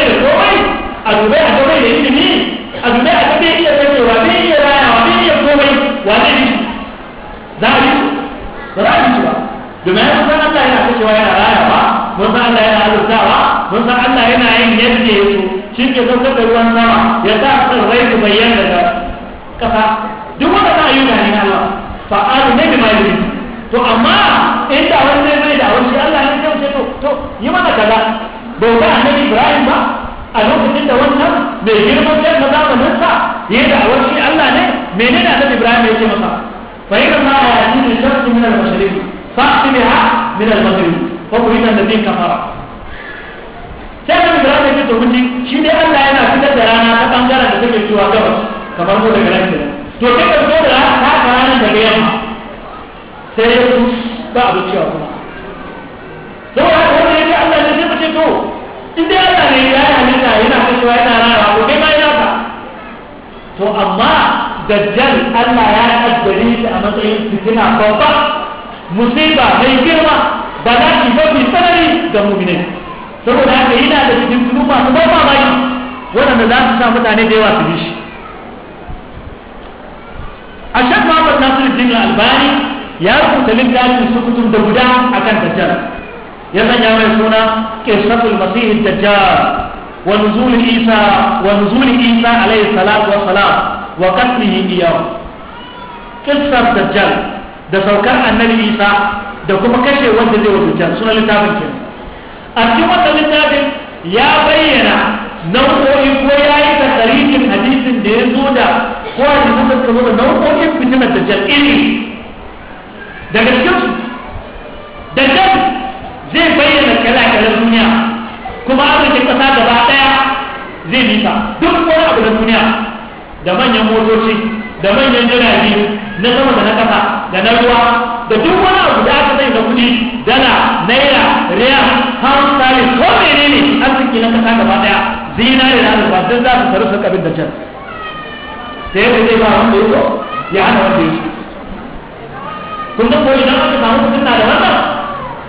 yadda ya so shi ke saukar da ruwan sama ya sa sun rai su bayyana daga kasa duk wanda za a yi da hannun Allah fa'alu ne bi mai to amma in da wani zai bai da wani shi Allah ne zai ce to to yi mana kaza bai ga annabi Ibrahim ba a lokacin da wannan mai girman kai na zamanin sa yi da awar shi Allah ne menene annabi Ibrahim yake masa fa inna ma ya'ti min shamsi min al-mashriq fa'ti min al-maghrib fa qulina alladhi kafara sai da mutum da ke domin shi dai Allah yana fitar da rana ta bangaren da take zuwa gabas kamar mu daga nan to sai ka zo da rana ta ranar daga yamma sai ya su ba abu cewa kuma don haka wanda yake Allah ne sai mace to in dai Allah ne ya yi halitta yana kashewa yana rana ko kai ma yana ka to amma dajjal Allah ya kaddare shi a matsayin fitina babba musiba mai girma bala'i mafi tsanani ga mu'minai saboda haka yana da cikin tunu masu ba mamaki waɗanda za su sa mutane da yawa su bi shi a shan mamar nasiruddin albani ya rubuta littafin su sukutun da guda akan dajjal ya sanya mai suna qisatul masih dajjal wa nuzul isa wa nuzul isa alayhi salatu wa salam wa qatlihi iyyahu qissar dajjal da saukar annabi isa da kuma kashe wanda zai wa dajjal sunan littafin kenan a cikin wannan littafin ya bayyana nau'o'i ko ya yi tarihin hadisin da ya zo da ko a cikin suka zo da nau'o'in fitinar da daga cikinsu daga zai bayyana kala kala duniya kuma arzikin ƙasa gaba ɗaya zai nisa duk wani abu da duniya da manyan motoci da manyan jirage zinare da azurfa duk za su taru su kabin da can sai yadda zai ba wanda ya so ya hana wanda ya so kun ga koyi don aka samu fitina da wannan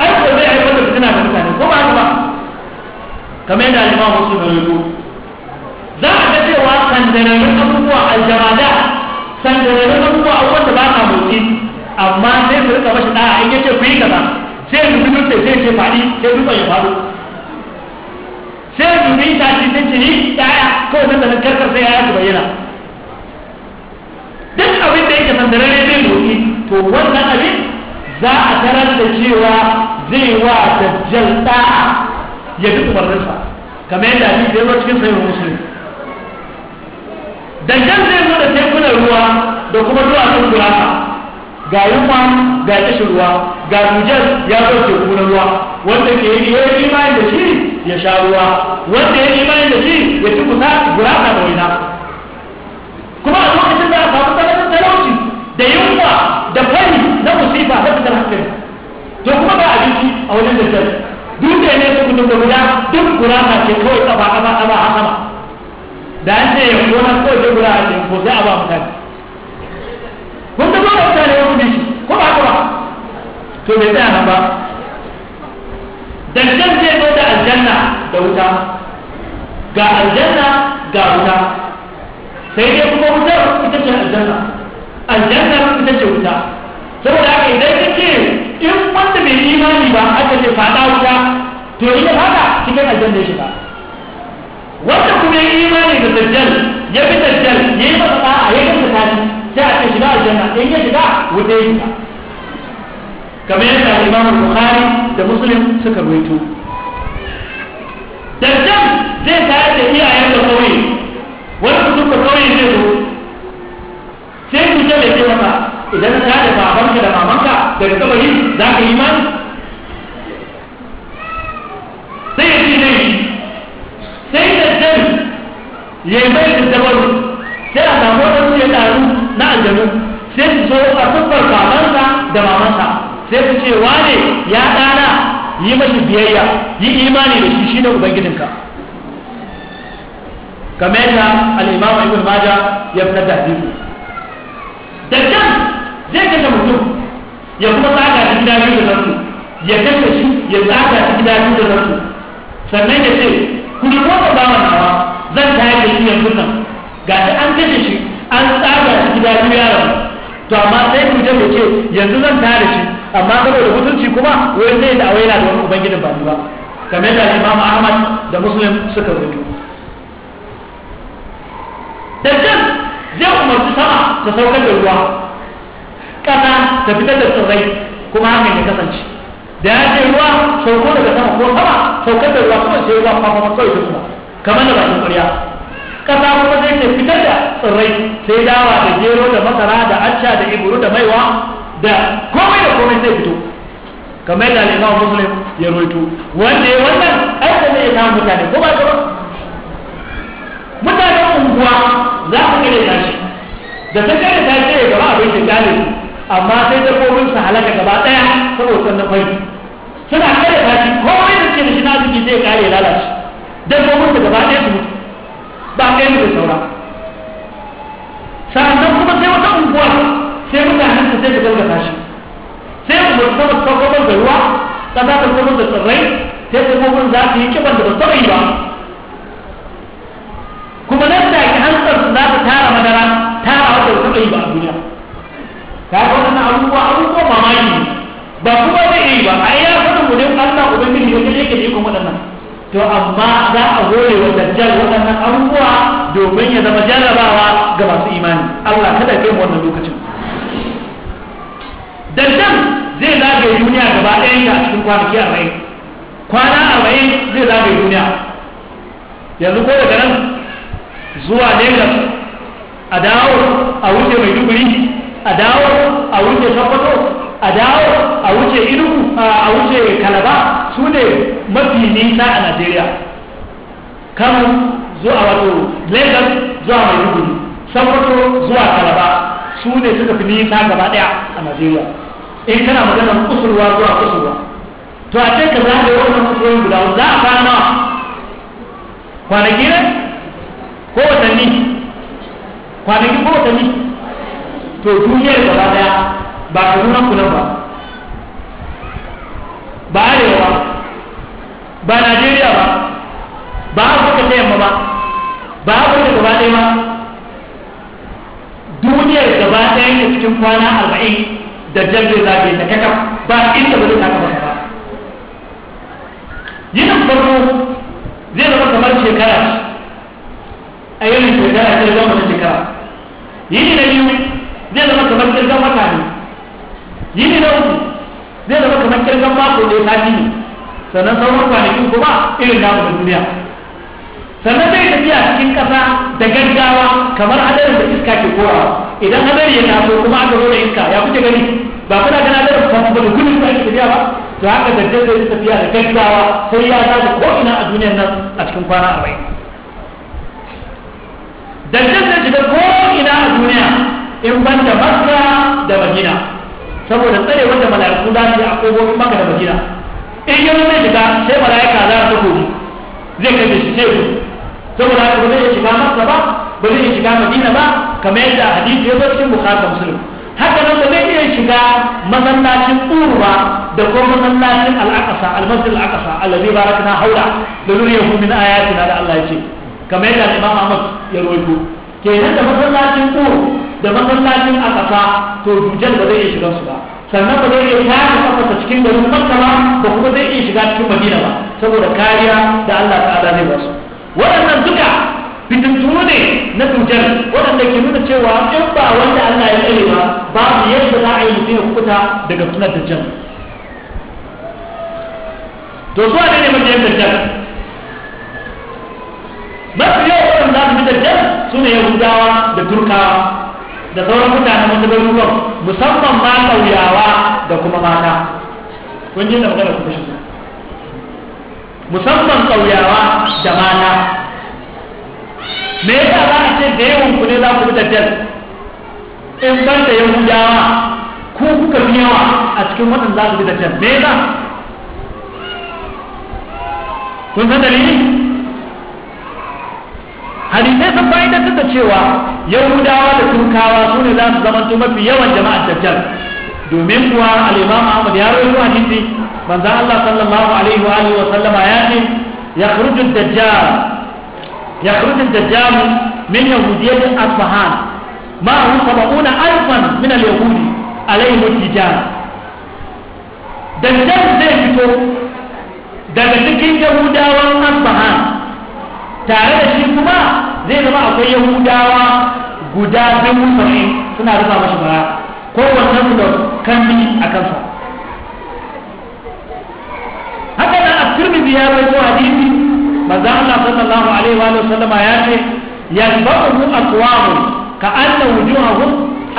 ai ko zai haifar da fitina da mutane ko ba haka ba kamar yadda alima musu da rubu za a ga cewa sandararrun abubuwa aljamada sandararrun abubuwa a da ba ka motsi amma sai su rika mashi da'a in yace ku yi kaza sai su fito sai ce faɗi sai dukkan ya faɗo sai su dubi ta ci ta ciri yaya kawai nan da nan karkar sai ya su bayyana duk abin da yake sandarare zai doki to wannan abin za a tarar da cewa zai wa dajjal da'a ya bi sa kamar yadda abin da ya zo cikin sayin musulmi dajjal zai zo da tekunan ruwa da kuma duwatsun gurasa ga yunwa ga kishin ruwa ga dujar ya zo teku na ruwa wanda ke yi ya yi imani da shi ya sha ruwa wanda ya imani da shi ya ci kusa gura da waina kuma a lokacin da aka samu tsananin talauci da yunwa da fari na musifa da fitar hankali to kuma ba abinci a wajen da can dutse ne su kudin da guda duk gurasa ke kawai tsaba a tsaba a sama da an ce ya ko kawai gura a ce ko sai a ba mutane kun ta gona mutane ya kudi shi ko ba kuma ba to bai tsaya nan ba dangan zai aljanna da wuta ga aljanna ga wuta sai dai kuma wutar ita ce aljanna aljanna ita ce wuta saboda haka idan ka ce in wanda bai imani ba aka ce fada wuta to ina haka cikin aljanna ya shiga wanda kuma ya imani da dajjal ya fi dajjal ya yi masa a ya ta tashi sai a ce shiga aljanna in ya shiga wuta ya shiga kamar yadda imamu bukhari da muslim suka ruwaito dajjal zai sayar da iyayen da kauye wani mutum da kauye zai zo sai ku ce mai maka idan ka da babanka da mamanka da daga kabari za ka yi ma. sai ya ce dai sai dajjal ya yi mai daddabar sai a samu wadansu ya taru na aljanu sai su so a tuffar babansa da mamansa sai su ce wane ya ɗana yi mashi biyayya yi imani da shi ne ubangijinka kamar yadda al'imama ibn maja ya fi da hadisi dajjal zai kashe mutum ya kuma tsaka shi cikin biyu da zarsu ya kashe shi ya tsaka shi cikin biyu da zarsu sannan ya ce ku ko kuma ba wa nawa zan tayar da shi yanzu nan ga shi an kashe shi an tsaka shi cikin biyu ya to amma sai ku je ce yanzu zan ta da shi amma saboda mutunci kuma wani zai da waina da wani ubangijin ba ba kamar da Imam Ahmad da Muslim suka rubuta dajjal zai umarci sama ta saukar da ruwa kasa ta fitar da tsirrai kuma hakan ya kasance da ya ce ruwa sauko daga sama ko sama saukar da ruwa kuma sai ruwa kuma ma kawai kuma kamar da bakin ƙarya kasa kuma zai ce fitar da tsirrai sai dawa da gero da masara da acca da iburu da maiwa da komai da komai zai fito kamar da al'imam muslim ya roito wanda ya wannan aika zai kama mutane ko ba ka ba mutane unguwa za su kare tashi da ta kare tashi ya gaba abin da kyale amma sai da dabbobin su halaka gaba daya saboda wannan fari suna kare tashi komai da ke da shi na zuki zai kare ya lalace don dabbobin su gaba daya su mutu ba ɗaya da saura sa'annan kuma sai wata unguwa sai mutanen su sai su gargata shi sai mu musamman saukakon da ruwa za ta kuma da tsirrai sai dabbobin za su yi kiban da ba taɓa yi ba kuma nan da ke hantar su za ta tara madara tara wata da taɓa yi ba a duniya ta ga wannan abubuwa abubuwa mamaki ba kuma zai yi ba a iya kuma mu dai Allah ubangiji ya kaje ke ikon waɗannan to amma za a gole wa dajjal waɗannan abubuwa domin ya zama jarrabawa ga masu imani Allah kada kai mu wannan lokacin gaba ɗayan ta cikin kwanaki arba'in kwana arba'in zai zagaye duniya yanzu ko daga nan zuwa lagos a dawo a wuce mai duburi a dawo a wuce sokoto a dawo a wuce idu a wuce kalaba su ne mafi nisa a najeriya kan zuwa wato lagos zuwa mai duburi sokoto zuwa kalaba su ne suka fi nisa gaba ɗaya a najeriya in kana magana kusurwa zuwa kusurwa to a za ka yi wannan kusurwa guda za a fara nawa kwanaki ne ko watanni kwanaki ko watanni to duniyar gaba daya ba ka nuna kuna ba ba arewa ba najeriya ba ba afirka ta yamma ba ba afirka gaba daya ba duniyar gaba daya ne cikin kwana arba'in da jambe yi ta kaka ba inda ba zai taka masa ba yinin farko zai zama kamar shekara a yinin shekara sai zama da shekara yini na biyu zai zama kamar kirgan wata ne yini na uku zai zama kamar kirgan mako ne sati ne sannan sauran kwanaki kuma irin namu da duniya sannan zai tafiya cikin ƙasa da gaggawa kamar hadarin da iska ke kowa idan hadari ya taso kuma aka zo da iska ya kuke gani ba kuna gana da ba da gudun da ake tafiya ba to haka jirgin zai tafiya da gaggawa sai ya zaga ko ina a duniyar nan a cikin kwana arba'in dajjal zai shiga ko ina a duniya in ban da makka da madina saboda tsare wanda mala'iku za su yi a kofofin makka da madina in yanzu zai shiga sai mala'ika za su kogi zai kai da shi sai saboda haka ba zai iya shiga masa ba ba zai iya shiga madina ba kamar yadda hadisi ya zo cikin bukhari da muslim haka nan ba zai iya shiga masallacin urwa da kuma masallacin al-aqsa al-masjid al-aqsa alladhi barakna haula da nuriyahu min ayatina da Allah ya ce kamar yadda Imam Ahmad ya rawaito kenan da masallacin urwa da masallacin aqsa to dujal ba zai iya shiga su ba sannan ba zai iya kare kafarsa cikin garin Makka ba ba kuma zai iya shiga cikin Madina ba saboda kariya da Allah ta'ala zai ba su waɗannan duka fitintunu ne na cutar waɗanda ke nuna cewa in ba wanda Allah ya tsare ba su yadda za a yi mutum ya kuta daga da dajjal to su ne ne mabiyan dajjal mafi yau waɗanda za su bi dajjal su ne yahudawa da turkawa da sauran mutanen wanda garuruwan musamman ma kauyawa da kuma mata kun ji da magana kuma shi musamman ƙauyawa da mata me yasa za a ce da yawan ku ne za ku da dal in ban da yahudawa ku kuka fi yawa a cikin waɗanda za ku da dal me yasa kun san dalili hadisai sun fa'idantar da cewa yahudawa da turkawa su ne za su zamanto mafi yawan jama'ar dajjal domin kuwa al-imam Ahmad ya rawaito hadisi banza Allah sallallahu alaihi wa alihi wa sallama ya ce ya kurjin dajjal ya kurjin dajjal min yahudiyyat asfahan ma'ahu 70 alfan min al-yahudi alaihi ad-dajjal dajjal zai fito daga cikin yahudawan asfahan tare da shi kuma zai zama akwai yahudawa guda dubu saba'in suna rufa mashi bara kowanne su da kambin a kansa haka nan at-tirmidhi ya rawaito hadisi manzo Allah sallallahu alaihi wa sallam ya ce yasbahu aqwamu ka anna wujuhahum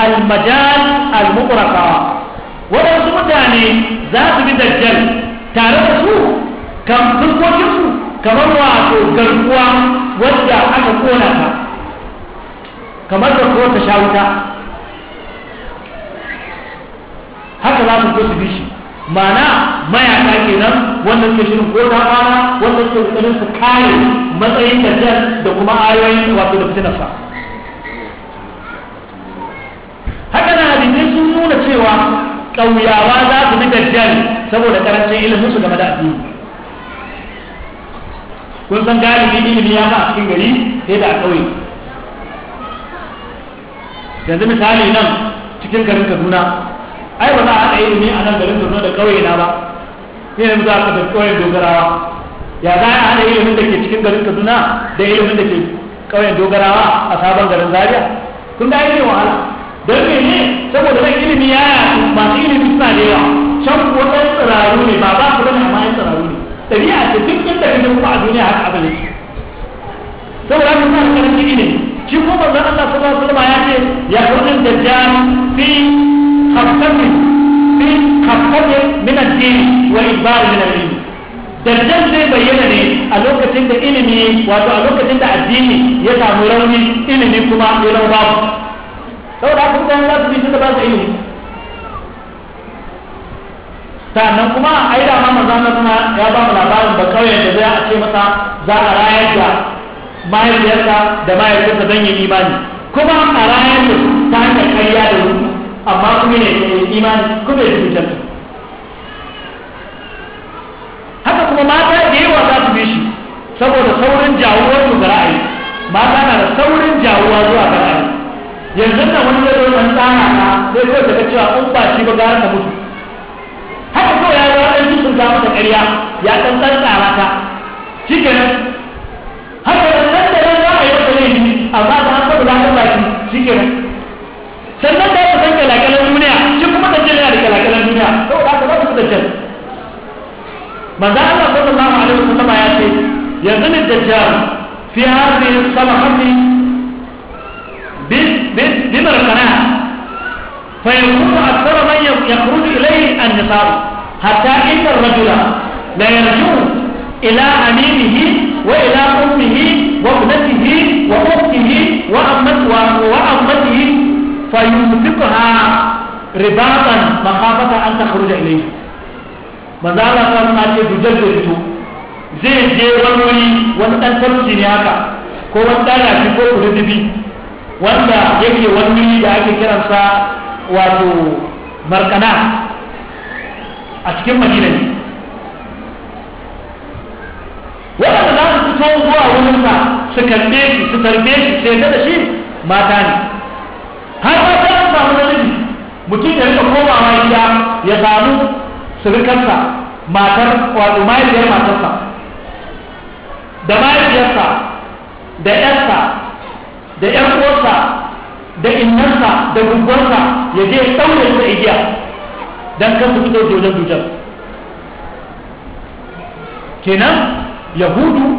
al-majal al-muqraqa mutane za su bi dajjal tare da su kan fuskokinsu kamar wato garkuwa wadda aka kona ta kamar da ko ta sha wuta haka za su zo su bi shi mana mayaka kenan wannan ke shirin ko da bana wannan ke kokarin su kare matsayin dajjal da kuma ayoyin wato da fitinarsa haka na hadisai sun nuna cewa ƙauyawa za su bi dajjal saboda karancin ilimin su game da addini kun san galibi ilimi ya ba a cikin gari sai da a ƙauye yanzu misali nan cikin garin kaduna ai ba za a haɗa ilimi a nan garin Borno da ƙauye na ba ne yanzu ka da ƙauyen dogarawa ya za a haɗa ilimin da ke cikin garin Kaduna da ilimin da ke ƙauyen dogarawa a sabon garin Zaria kun da ilimin wahala don ne saboda nan ilimi ya yasu masu ilimi suna da yawa can kuwa ɗan tsiraru ne ba ba su bane amma ɗan tsiraru ne ɗabi'a ce duk inda kake kuma a duniya haka abin yake saboda haka suna da ƙarancin ilimi shi kuma zan Allah sallallahu alaihi wasallam ya ce ya zo din dajjal fi خفته في خفته من الدين وإدبار من العلم dardar zai bayyana ne a lokacin da ilimi wato a lokacin da addini ya samu rauni ilimi kuma ya rau babu saboda haka mutane za su bi suka ba su ilimi sannan kuma ai da ma manzo suna ya ba mu labarin ba kauyen da zai a ce masa za a rayar da mahaifiyarsa da mahaifiyarsa don yin imani kuma a rayar da ta hanyar karya da rubutu amma kuma ne imani kuma ya rubuta haka kuma mata da yawa za su bi shi saboda saurin jawuwar su ga ra'ayi mata na da saurin jawuwa zuwa ga ra'ayi yanzu na wani zai zo wani tsara na zai kawai daga cewa in ba shi ba gara ta mutu haka kawai ya zo ɗan jikin ta mata ƙarya ya ɗan ɗan tsara ta shi kenan haka da nan da nan za a yi wata laifi amma da an saboda ta ba shi shi kenan sannan ماذا قال صلى الله عليه وسلم آياته يظن الدجال في هذه الصلحة القناة فيكون أكثر من يخرج إليه النصار حتى إن الرجل لا يرجو إلى أمينه وإلى أمه وابنته وأخته وأمته فينفقها رباطا مخافة أن تخرج إليه manzo Allah sallallahu alaihi wasallam ya zai je wani wuri wani dan tarci ne haka ko wani dan rafi ko kudubi wanda yake wani da ake kiransa wato markana a cikin madina ne waɗanda za su fito zuwa wurinsa su karɓe shi su tarbe shi sai da shi mata ne har ma ta samu namiji mutum ya rika komawa gida ya samu kansa matar wato mahaifiyar matarsa da mahaifiyarsa da yarsa da yan uwarsa da innarsa da gugwarsa ya je ya ɗaure igiya don kan su fito dole dujar kenan yahudu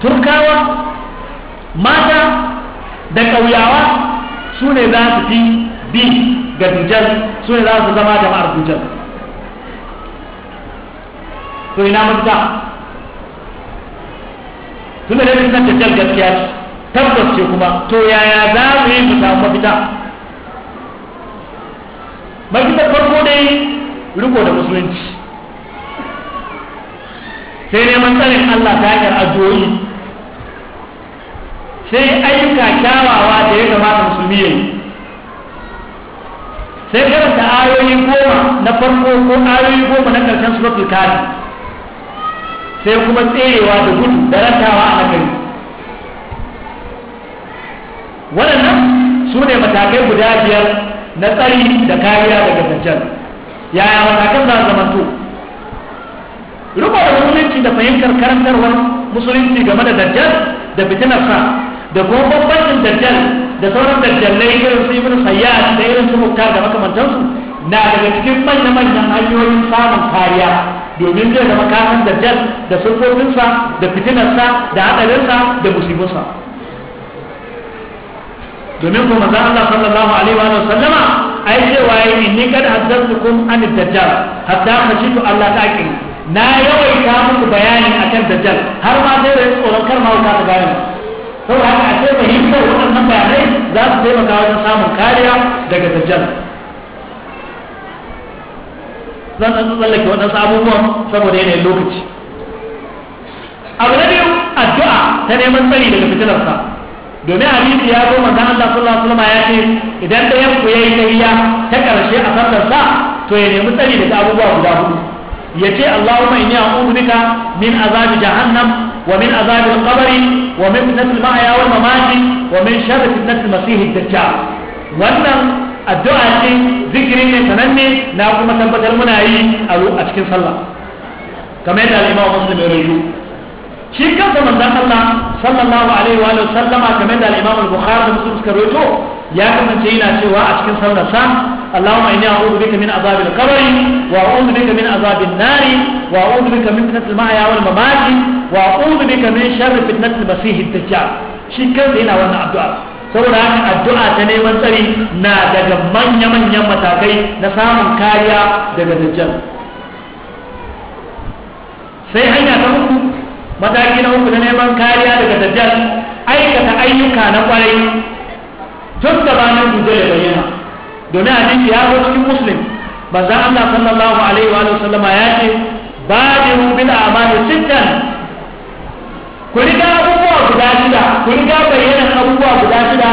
turkawa mata da ƙauyawa su ne za su fi bi ga dujar su ne za su zama jama'ar dujar to ina mafita tunda da fitan dajjal gaskiya ce tabbas ce kuma to yaya za mu yi mu samu mafita mafita farko dai riko da musulunci sai neman tsarin Allah ta hanyar addu'o'i sai ayyuka kyawawa da ya kamata musulmi ya yi sai karanta ayoyi goma na farko ko ayoyi goma na karshen suratul kafi sai kuma tserewa da gudu da rantawa a hankali waɗannan su ne matakai guda biyar na tsari da kariya daga dajjal yaya matakan za su zamanto rubar musulunci da fahimtar karantarwar musulunci game da dajjal da fitinarsa da kuma bambancin dajjal da sauran dajjallai irin su ibn sayyad da irin su muktar da makamantansu na daga cikin manya-manyan hanyoyin samun kariya domin zai zama kasan dajjal da siffofinsa da fitinarsa da hadarinsa da musibinsa domin kuma za Allah sallallahu alaihi wa sallama ai cewa yayi kada kad kun an dajjal hatta khashitu Allah ta ta'qil na yawaita muku bayani akan dajjal har ma sai da tsoron kar ma ta gane saboda haka a ce muhimmar wannan bayanai za su taimaka wajen samun kariya daga dajjal zan san tsallake waɗansu abubuwan saboda yanayin lokaci abu na biyu addu'a ta neman tsari daga fitilarsa domin hadisi ya zo manzon Allah sallallahu alaihi wasallam ya ce idan ɗayan ku yayi tahiyya ta karshe a sallar to ya nemi tsari daga abubuwa guda hudu ya ce Allahumma inni a'udhu bika min azabi jahannam wa min azabi al-qabr wa min fitnati al-mahya wal mamat wa min sharri fitnati al-masih ad-dajjal wannan addu'a ce zikiri ne sananne na kuma tabbatar muna yi a cikin sallah kamar yadda al'imamu muslim ya rayu shi kansa manzan Allah sallallahu alaihi wa sallama kamar yadda al'imamu bukhari da muslim suka rawaito ya kasance yana cewa a cikin sallar sa Allahumma inni a'udhu bika min azabil qabr wa a'udhu bika min azabin nar wa a'udhu bika min fitnatil mahya wal mamat wa a'udhu bika min sharri fitnatil masih ad-dajjal shi yana wannan addu'a saboda haka addu'a ta neman tsari na daga manya-manyan matakai na samun kariya daga dajjal sai hanya ta uku mataki na uku na neman kariya daga dajjal aikata ayyuka na kwarai tun gabanin guje da bayyana domin hadisi ya zo cikin muslim manzo Allah sallallahu alaihi wa sallama ya ce ba badiru bil a'mali sittan ku riga guda shida kun ga bayyana abubuwa guda shida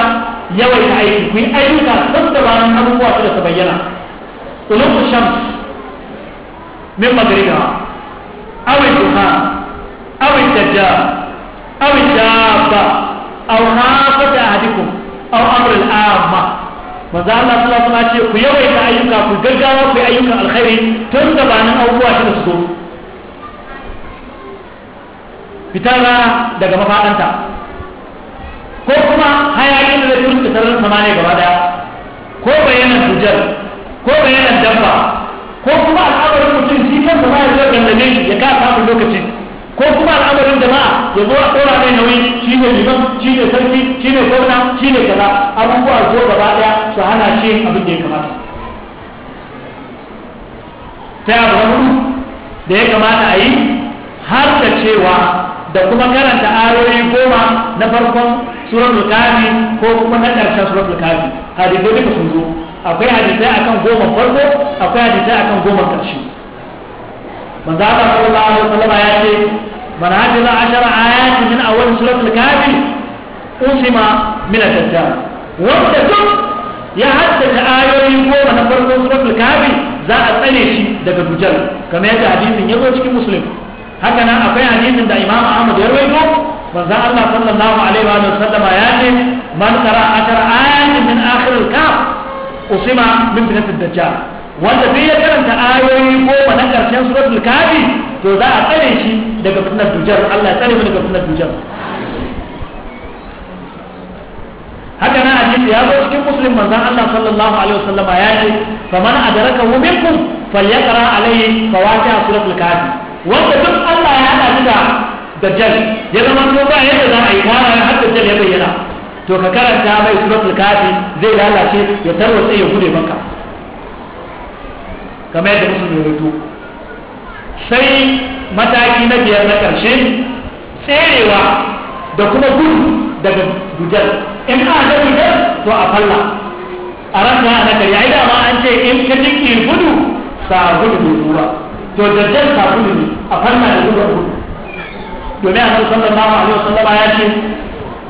yawaita aiki ku yi ayyuka sassabanin abubuwa shida su bayyana ulum shams min magriba aw duha aw dajjal aw dabba aw hafata ahadikum aw amr al-amma maza Allah sallallahu alaihi wasallam ce ku yawaita ayyuka ku gaggawa ku yi ayyukan alkhairi tun gabanin abubuwa shida su zo fitar rana daga mafaɗanta ko kuma hayaƙin da zai turka sararin ne gaba ɗaya ko bayanan hujjar ko bayanan dabba ko kuma al'amarin mutum shi kan sama ya zo gandame shi ya kasa samun lokacin ko kuma al'amarin jama'a ya zo a tsora mai nauyi shi ne liman shi ne sarki shi ne gwamna shi ne kaza abubuwa zo gaba daya su hana shi abin da ya kamata sai abu da ya kamata a yi har da cewa da kuma karanta ayoyi goma na farkon suratul kafi ko kuma na ƙarshen suratul kafi hadisai duka sun zo akwai hadisai akan goma farko akwai hadisai akan goma ƙarshe manzo Allah sallallahu alaihi wasallam ya ce man hafiza ashara ayati min awwal suratul kafi usima min ad-dajjal wanda duk ya haddace ayoyi goma na farkon suratul kafi za a tsane shi daga dujal kamar yadda hadisin ya zo cikin muslim هكذا أقيا حديث عند إمام أحمد يرويكو من ذا الله صلى الله عليه وآله وسلم آياته من ترى عشر آيات من آخر الكاف أصيما من بنت الدجال وانت فيه كلام تآيوي قوم نكر سيان سورة الكافي تو ذا أقليشي دقى الدجال الله تعلم دقى فتنة الدجال هكذا حديث يا بس كم مسلم من ذا الله صلى الله عليه وسلم آياته فمن أدركه منكم فليقرأ عليه فواجه سورة الكافي wanda duk Allah ya haɗa da dajjal ya zama to ba yadda za a yi kara har dajjal ya bayyana to ka karanta mai suratul kafi zai lalace ya tarwatsa ya gude maka kamar yadda musulmi rubutu sai mataki na biyar na ƙarshe tserewa da kuma gudu daga dujal in a ga dujal to a falla a rasa na kari ai dama an ce in ka jiki gudu sa gudu duba to dajjal sabulu ne a fanna da guda hudu domin a nan sallallahu alaihi wasallama ya ce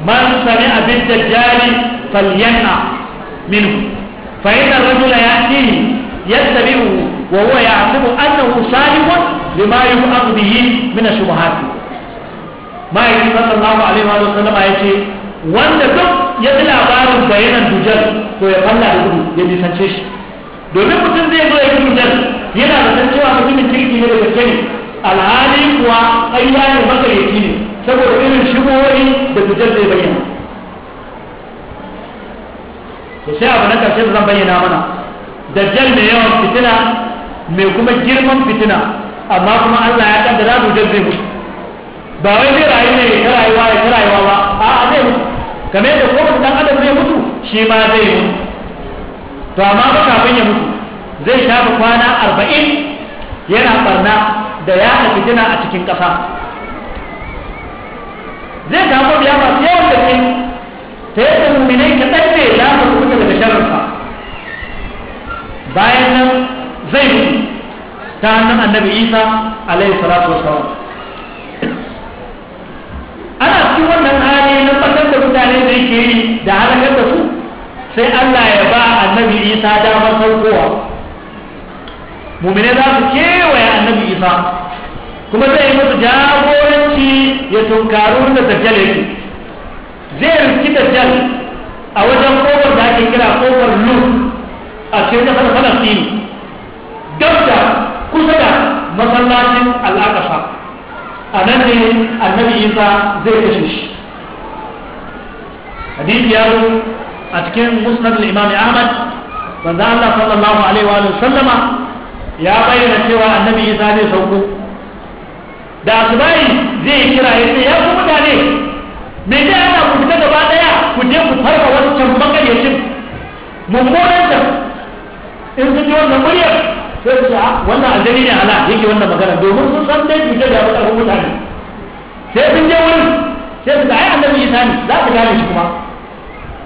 man sami abin dajjali falyanna minhu fa inna rajula yatihi yattabi'u wa huwa ya'lamu annahu salihun lima yu'akhadhu bihi min ash-shubuhat ma'aikin sallallahu alaihi wasallama ya ce wanda duk ya ji labarin bayanan dujjal to ya falla da gudu ya nisance shi domin mutum zai zo ya yi mutum yana da san cewa mutumin kirki ne da gaske ne alhali kuwa ƙarya ne makaryaci ne saboda irin shigowi da fitar zai bayyana to sai abu na karshe zan bayyana mana dajjal mai yawan fitina mai kuma girman fitina amma kuma Allah ya kaddara mu dajjal zai mutu ba wai zai rayu ne ya rayuwa ya rayuwa ba a'a zai mutu kamar yadda kowane dan adam zai mutu shi ma zai mutu to amma ba kafin ya mutu zai shafa kwana arba'in yana barna da ya haɗa fitina a cikin ƙasa zai kafo da masu yawan wanda ke ta yadda mummunai kaɗan ne za su kuɓuta daga sharrinsa bayan nan zai mutu ta hannun annabi isa alaihi salatu wasalam ana cikin wannan hali na ɓatar da mutane da yake yi da halakar da su sai Allah ya ba annabi Isa damar saukowa mumine za su kewaye annabi Isa kuma zai yi musu jagoranci ya tunkari da dajjal yake zai riski dajjal a wajen kofar da ake kira kofar lu a cikin kasar falastini gab da kusa da masallacin al'akasa a nan ne annabi isa zai kashe shi hadisi ya zo a cikin musnad al-imam ahmad manzo Allah sallallahu alaihi wa sallama ya bayyana cewa annabi isa zai sauko da asubai zai kira ya ce ya ku mutane me zai ana ku fita gaba daya ku je ku farka wancan magayyacin mummunan da in sun ji wannan muryar sai su ce ah, wannan aljani ne ala yake wannan magana domin sun san dai cutar da mutane sai sun je wurin sai su ga ai annabi isa ne za ku gane shi kuma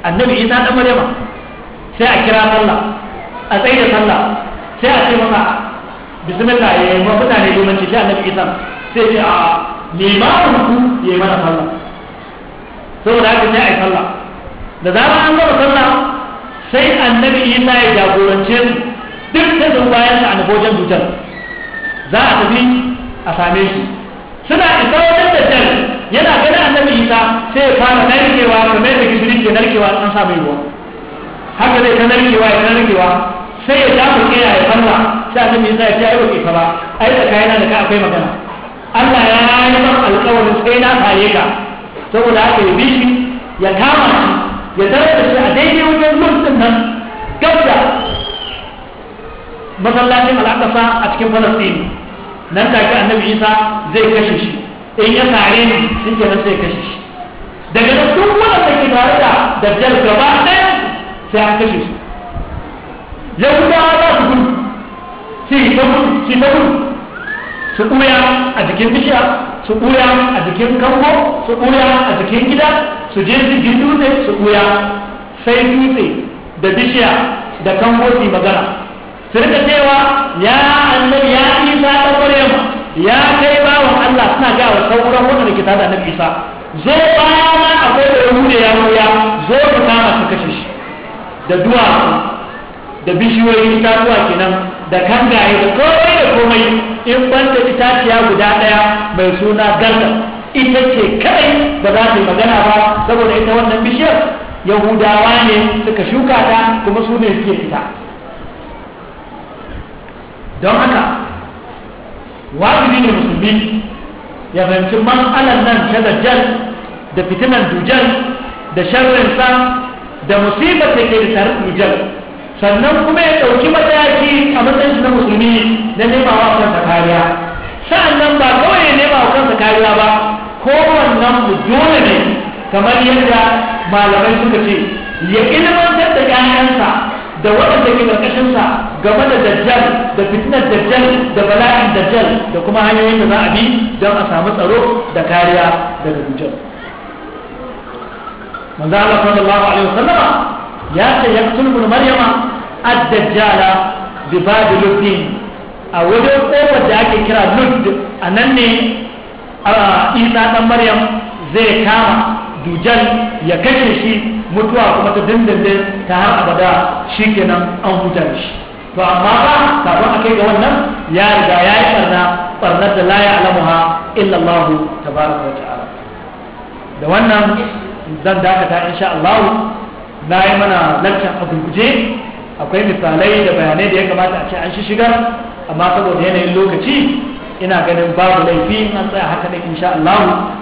annabi isa dan maryama sai a kira sallah a tsaye da sallah sai a ce masa bismillah ya yi mutane limanci a annabi isa sai ce a limanin ku ya yi mana sallah saboda haka sai a yi sallah da zama an gama sallah sai annabi isa ya jagorance su duk da sun bayan sa a wajen dutar za a tafi a same shi suna isa wajen da jan yana ganin annabi isa sai ya fara narkewa kamar da gishiri ke narkewa an samu mai haka zai ta narkewa ya ta narkewa sai ya dafa kira ya falla sai annabi isa ya ce ai baki fa ba ai da kayana da ka akwai magana Allah ya yi man alƙawarin sai na kare ka saboda haka ya bishi ya kama shi ya tare da shi a daidai wajen lokacin nan gabda masallacin al'akasa a cikin Falastin nan take annabi Isa zai kashe shi in ya sare ni shi ke sai kashe shi daga nan duk wanda ke tare da dajjal gaba ɗaya sai an kashe su yahudawa za su gudu sai ta gudu sai ta gudu su ɓuya a jikin bishiya su ɓuya a jikin kanko su ɓuya a jikin gida su je su gindu dutse su ɓuya sai dutse da bishiya da kanko su magana su rika cewa ya annabi ya isa ɗan ta da annabi isa zo ba na akwai da ya ruya zo ku kama su kashe shi da duwatsu da bishiyoyi itatuwa kenan da gaye da komai da komai in banta itaciya guda daya mai suna garda ita ce kai ba za ta yi magana ba saboda ita wannan bishiyar yahudawa ne suka shuka ta kuma su ne suke fita don haka wajibi ne musulmi ya fahimci matsalar nan ta dajjal da fitinan dujjal da sharrinsa da musibar da ke da tare dujal sannan kuma ya ɗauki mataki a matsayin shi na musulmi na nema wa kansa kariya nan ba kawai ya nema wa kansa kariya ba wannan mu dole ne kamar yadda malamai suka ce ya ilmantar da 'ya'yansa da waɗanda ke ƙarƙashinsa game da dajjal da fitinar dajjal da bala'in dajjal da kuma hanyoyin da za a bi don a samu tsaro da kariya daga dajjal manzo Allah sallallahu alaihi wasallama ya ce yaqtul ibn maryama ad-dajjala bi bab luddin a wajen kofar da ake kira ludd anan ne Isa dan Maryam zai kama dujal ya kashe shi mutuwa kuma ta dindindin ta har abada shi kenan an huta shi to amma ba kafin a kai ga wannan ya riga ya yi barna barnar da la ya alamuha ta tabaraka wa ta'ala da wannan zan dakata insha Allah na yi mana lantar a guje akwai misalai da bayanai da ya kamata a ce an shi shigar amma saboda yanayin lokaci ina ganin babu laifi an tsaya haka ne insha Allah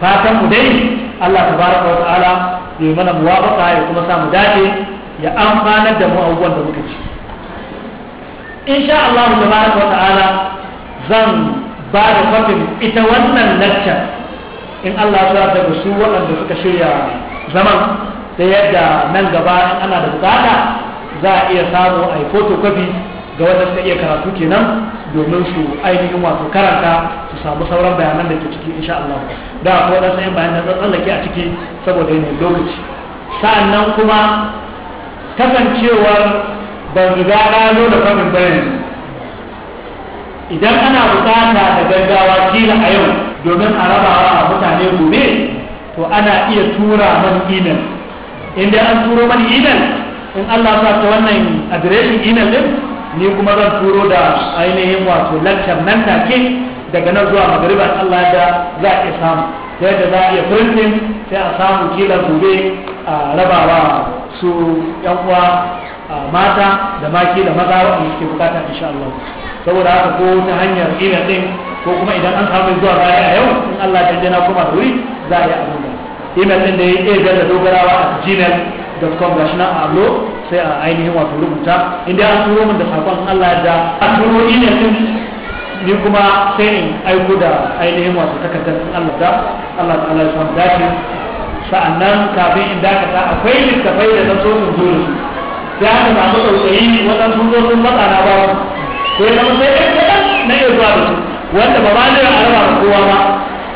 fatan mu dai Allah tabaraka wa ta'ala ya yi mana muwafaqa ya kuma sa mu dace ya amfanar da mu abubuwan da muka ci insha Allah tabaraka wa ta'ala zan ba da kwafin ita wannan lacca in Allah ya da su waɗanda suka shirya zaman ta yadda nan gaba ana da bukata za a iya samu a yi fotokofi ga wanda suka iya karatu kenan domin su ainihin wato karanta su samu sauran bayanan da ke ciki insha Allah da akwai wadansu yin bayanan da tsallake a ciki saboda yanayin lokaci sa'annan kuma kasancewar ban riga na zo da famin bayani idan ana bukata da gaggawa kila a yau domin a rabawa a mutane gobe to ana iya tura man inan inda an turo man inan in Allah sa ta wannan adireshin inan din ni kuma zan turo da ainihin wato lantar nan take daga nan zuwa magariba Allah da za a samu ta yadda za a iya printing sai a samu kila gobe a rabawa su yan uwa mata da maki da maza wa suke bukata insha Allah saboda haka ko ta hanyar ina din ko kuma idan an samu zuwa baya a yau in Allah ya jana kuma da wuri za a yi abin da din da ya da dogarawa a gmail facebook.com gashi nan a allo sai a ainihin wato rubuta inda an turo min da sakon Allah da a turo email din ni kuma sai in aiko da ainihin wato takardar Allah da Allah ta'ala ya samu dace sa'annan kafin in dakata akwai littafai da na so in zo da su sai aka samu tsautsayi sun zo sun matsa na ba sai zama sai ɗan kaɗan na iya zuwa da su wanda ba ma ne a raba kowa ba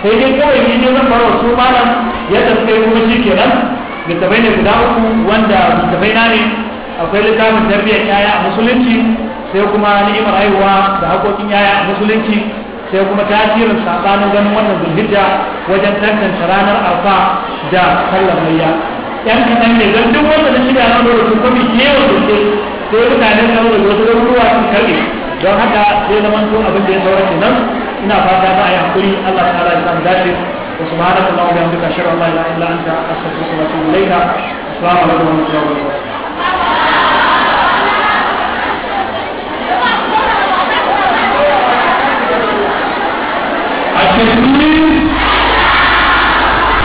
sai dai kawai ni ne zan fara su malam yadda suka yi kuma shi kenan littafai ne guda uku wanda littafai na ne akwai littafin tarbiyyar yaya a musulunci sai kuma ni'imar haihuwa da haƙoƙin yaya a musulunci sai kuma tasirin tsakanin ganin wannan zulhijja wajen tantance ranar alfa da sallar mayya yan kaɗan ne don duk wanda na shirya na dole su komi kewa sosai sai mutane na dole wasu garuruwa sun karɓe don haka sai zaman abin da ya saurace nan ina fata za a yi hakuri allah ta'ala ya samu dace وسبحانك اللهم وبحمدك اشهد ان لا اله الا انت استغفرك واتوب اليك السلام عليكم ورحمه الله وبركاته Thank you.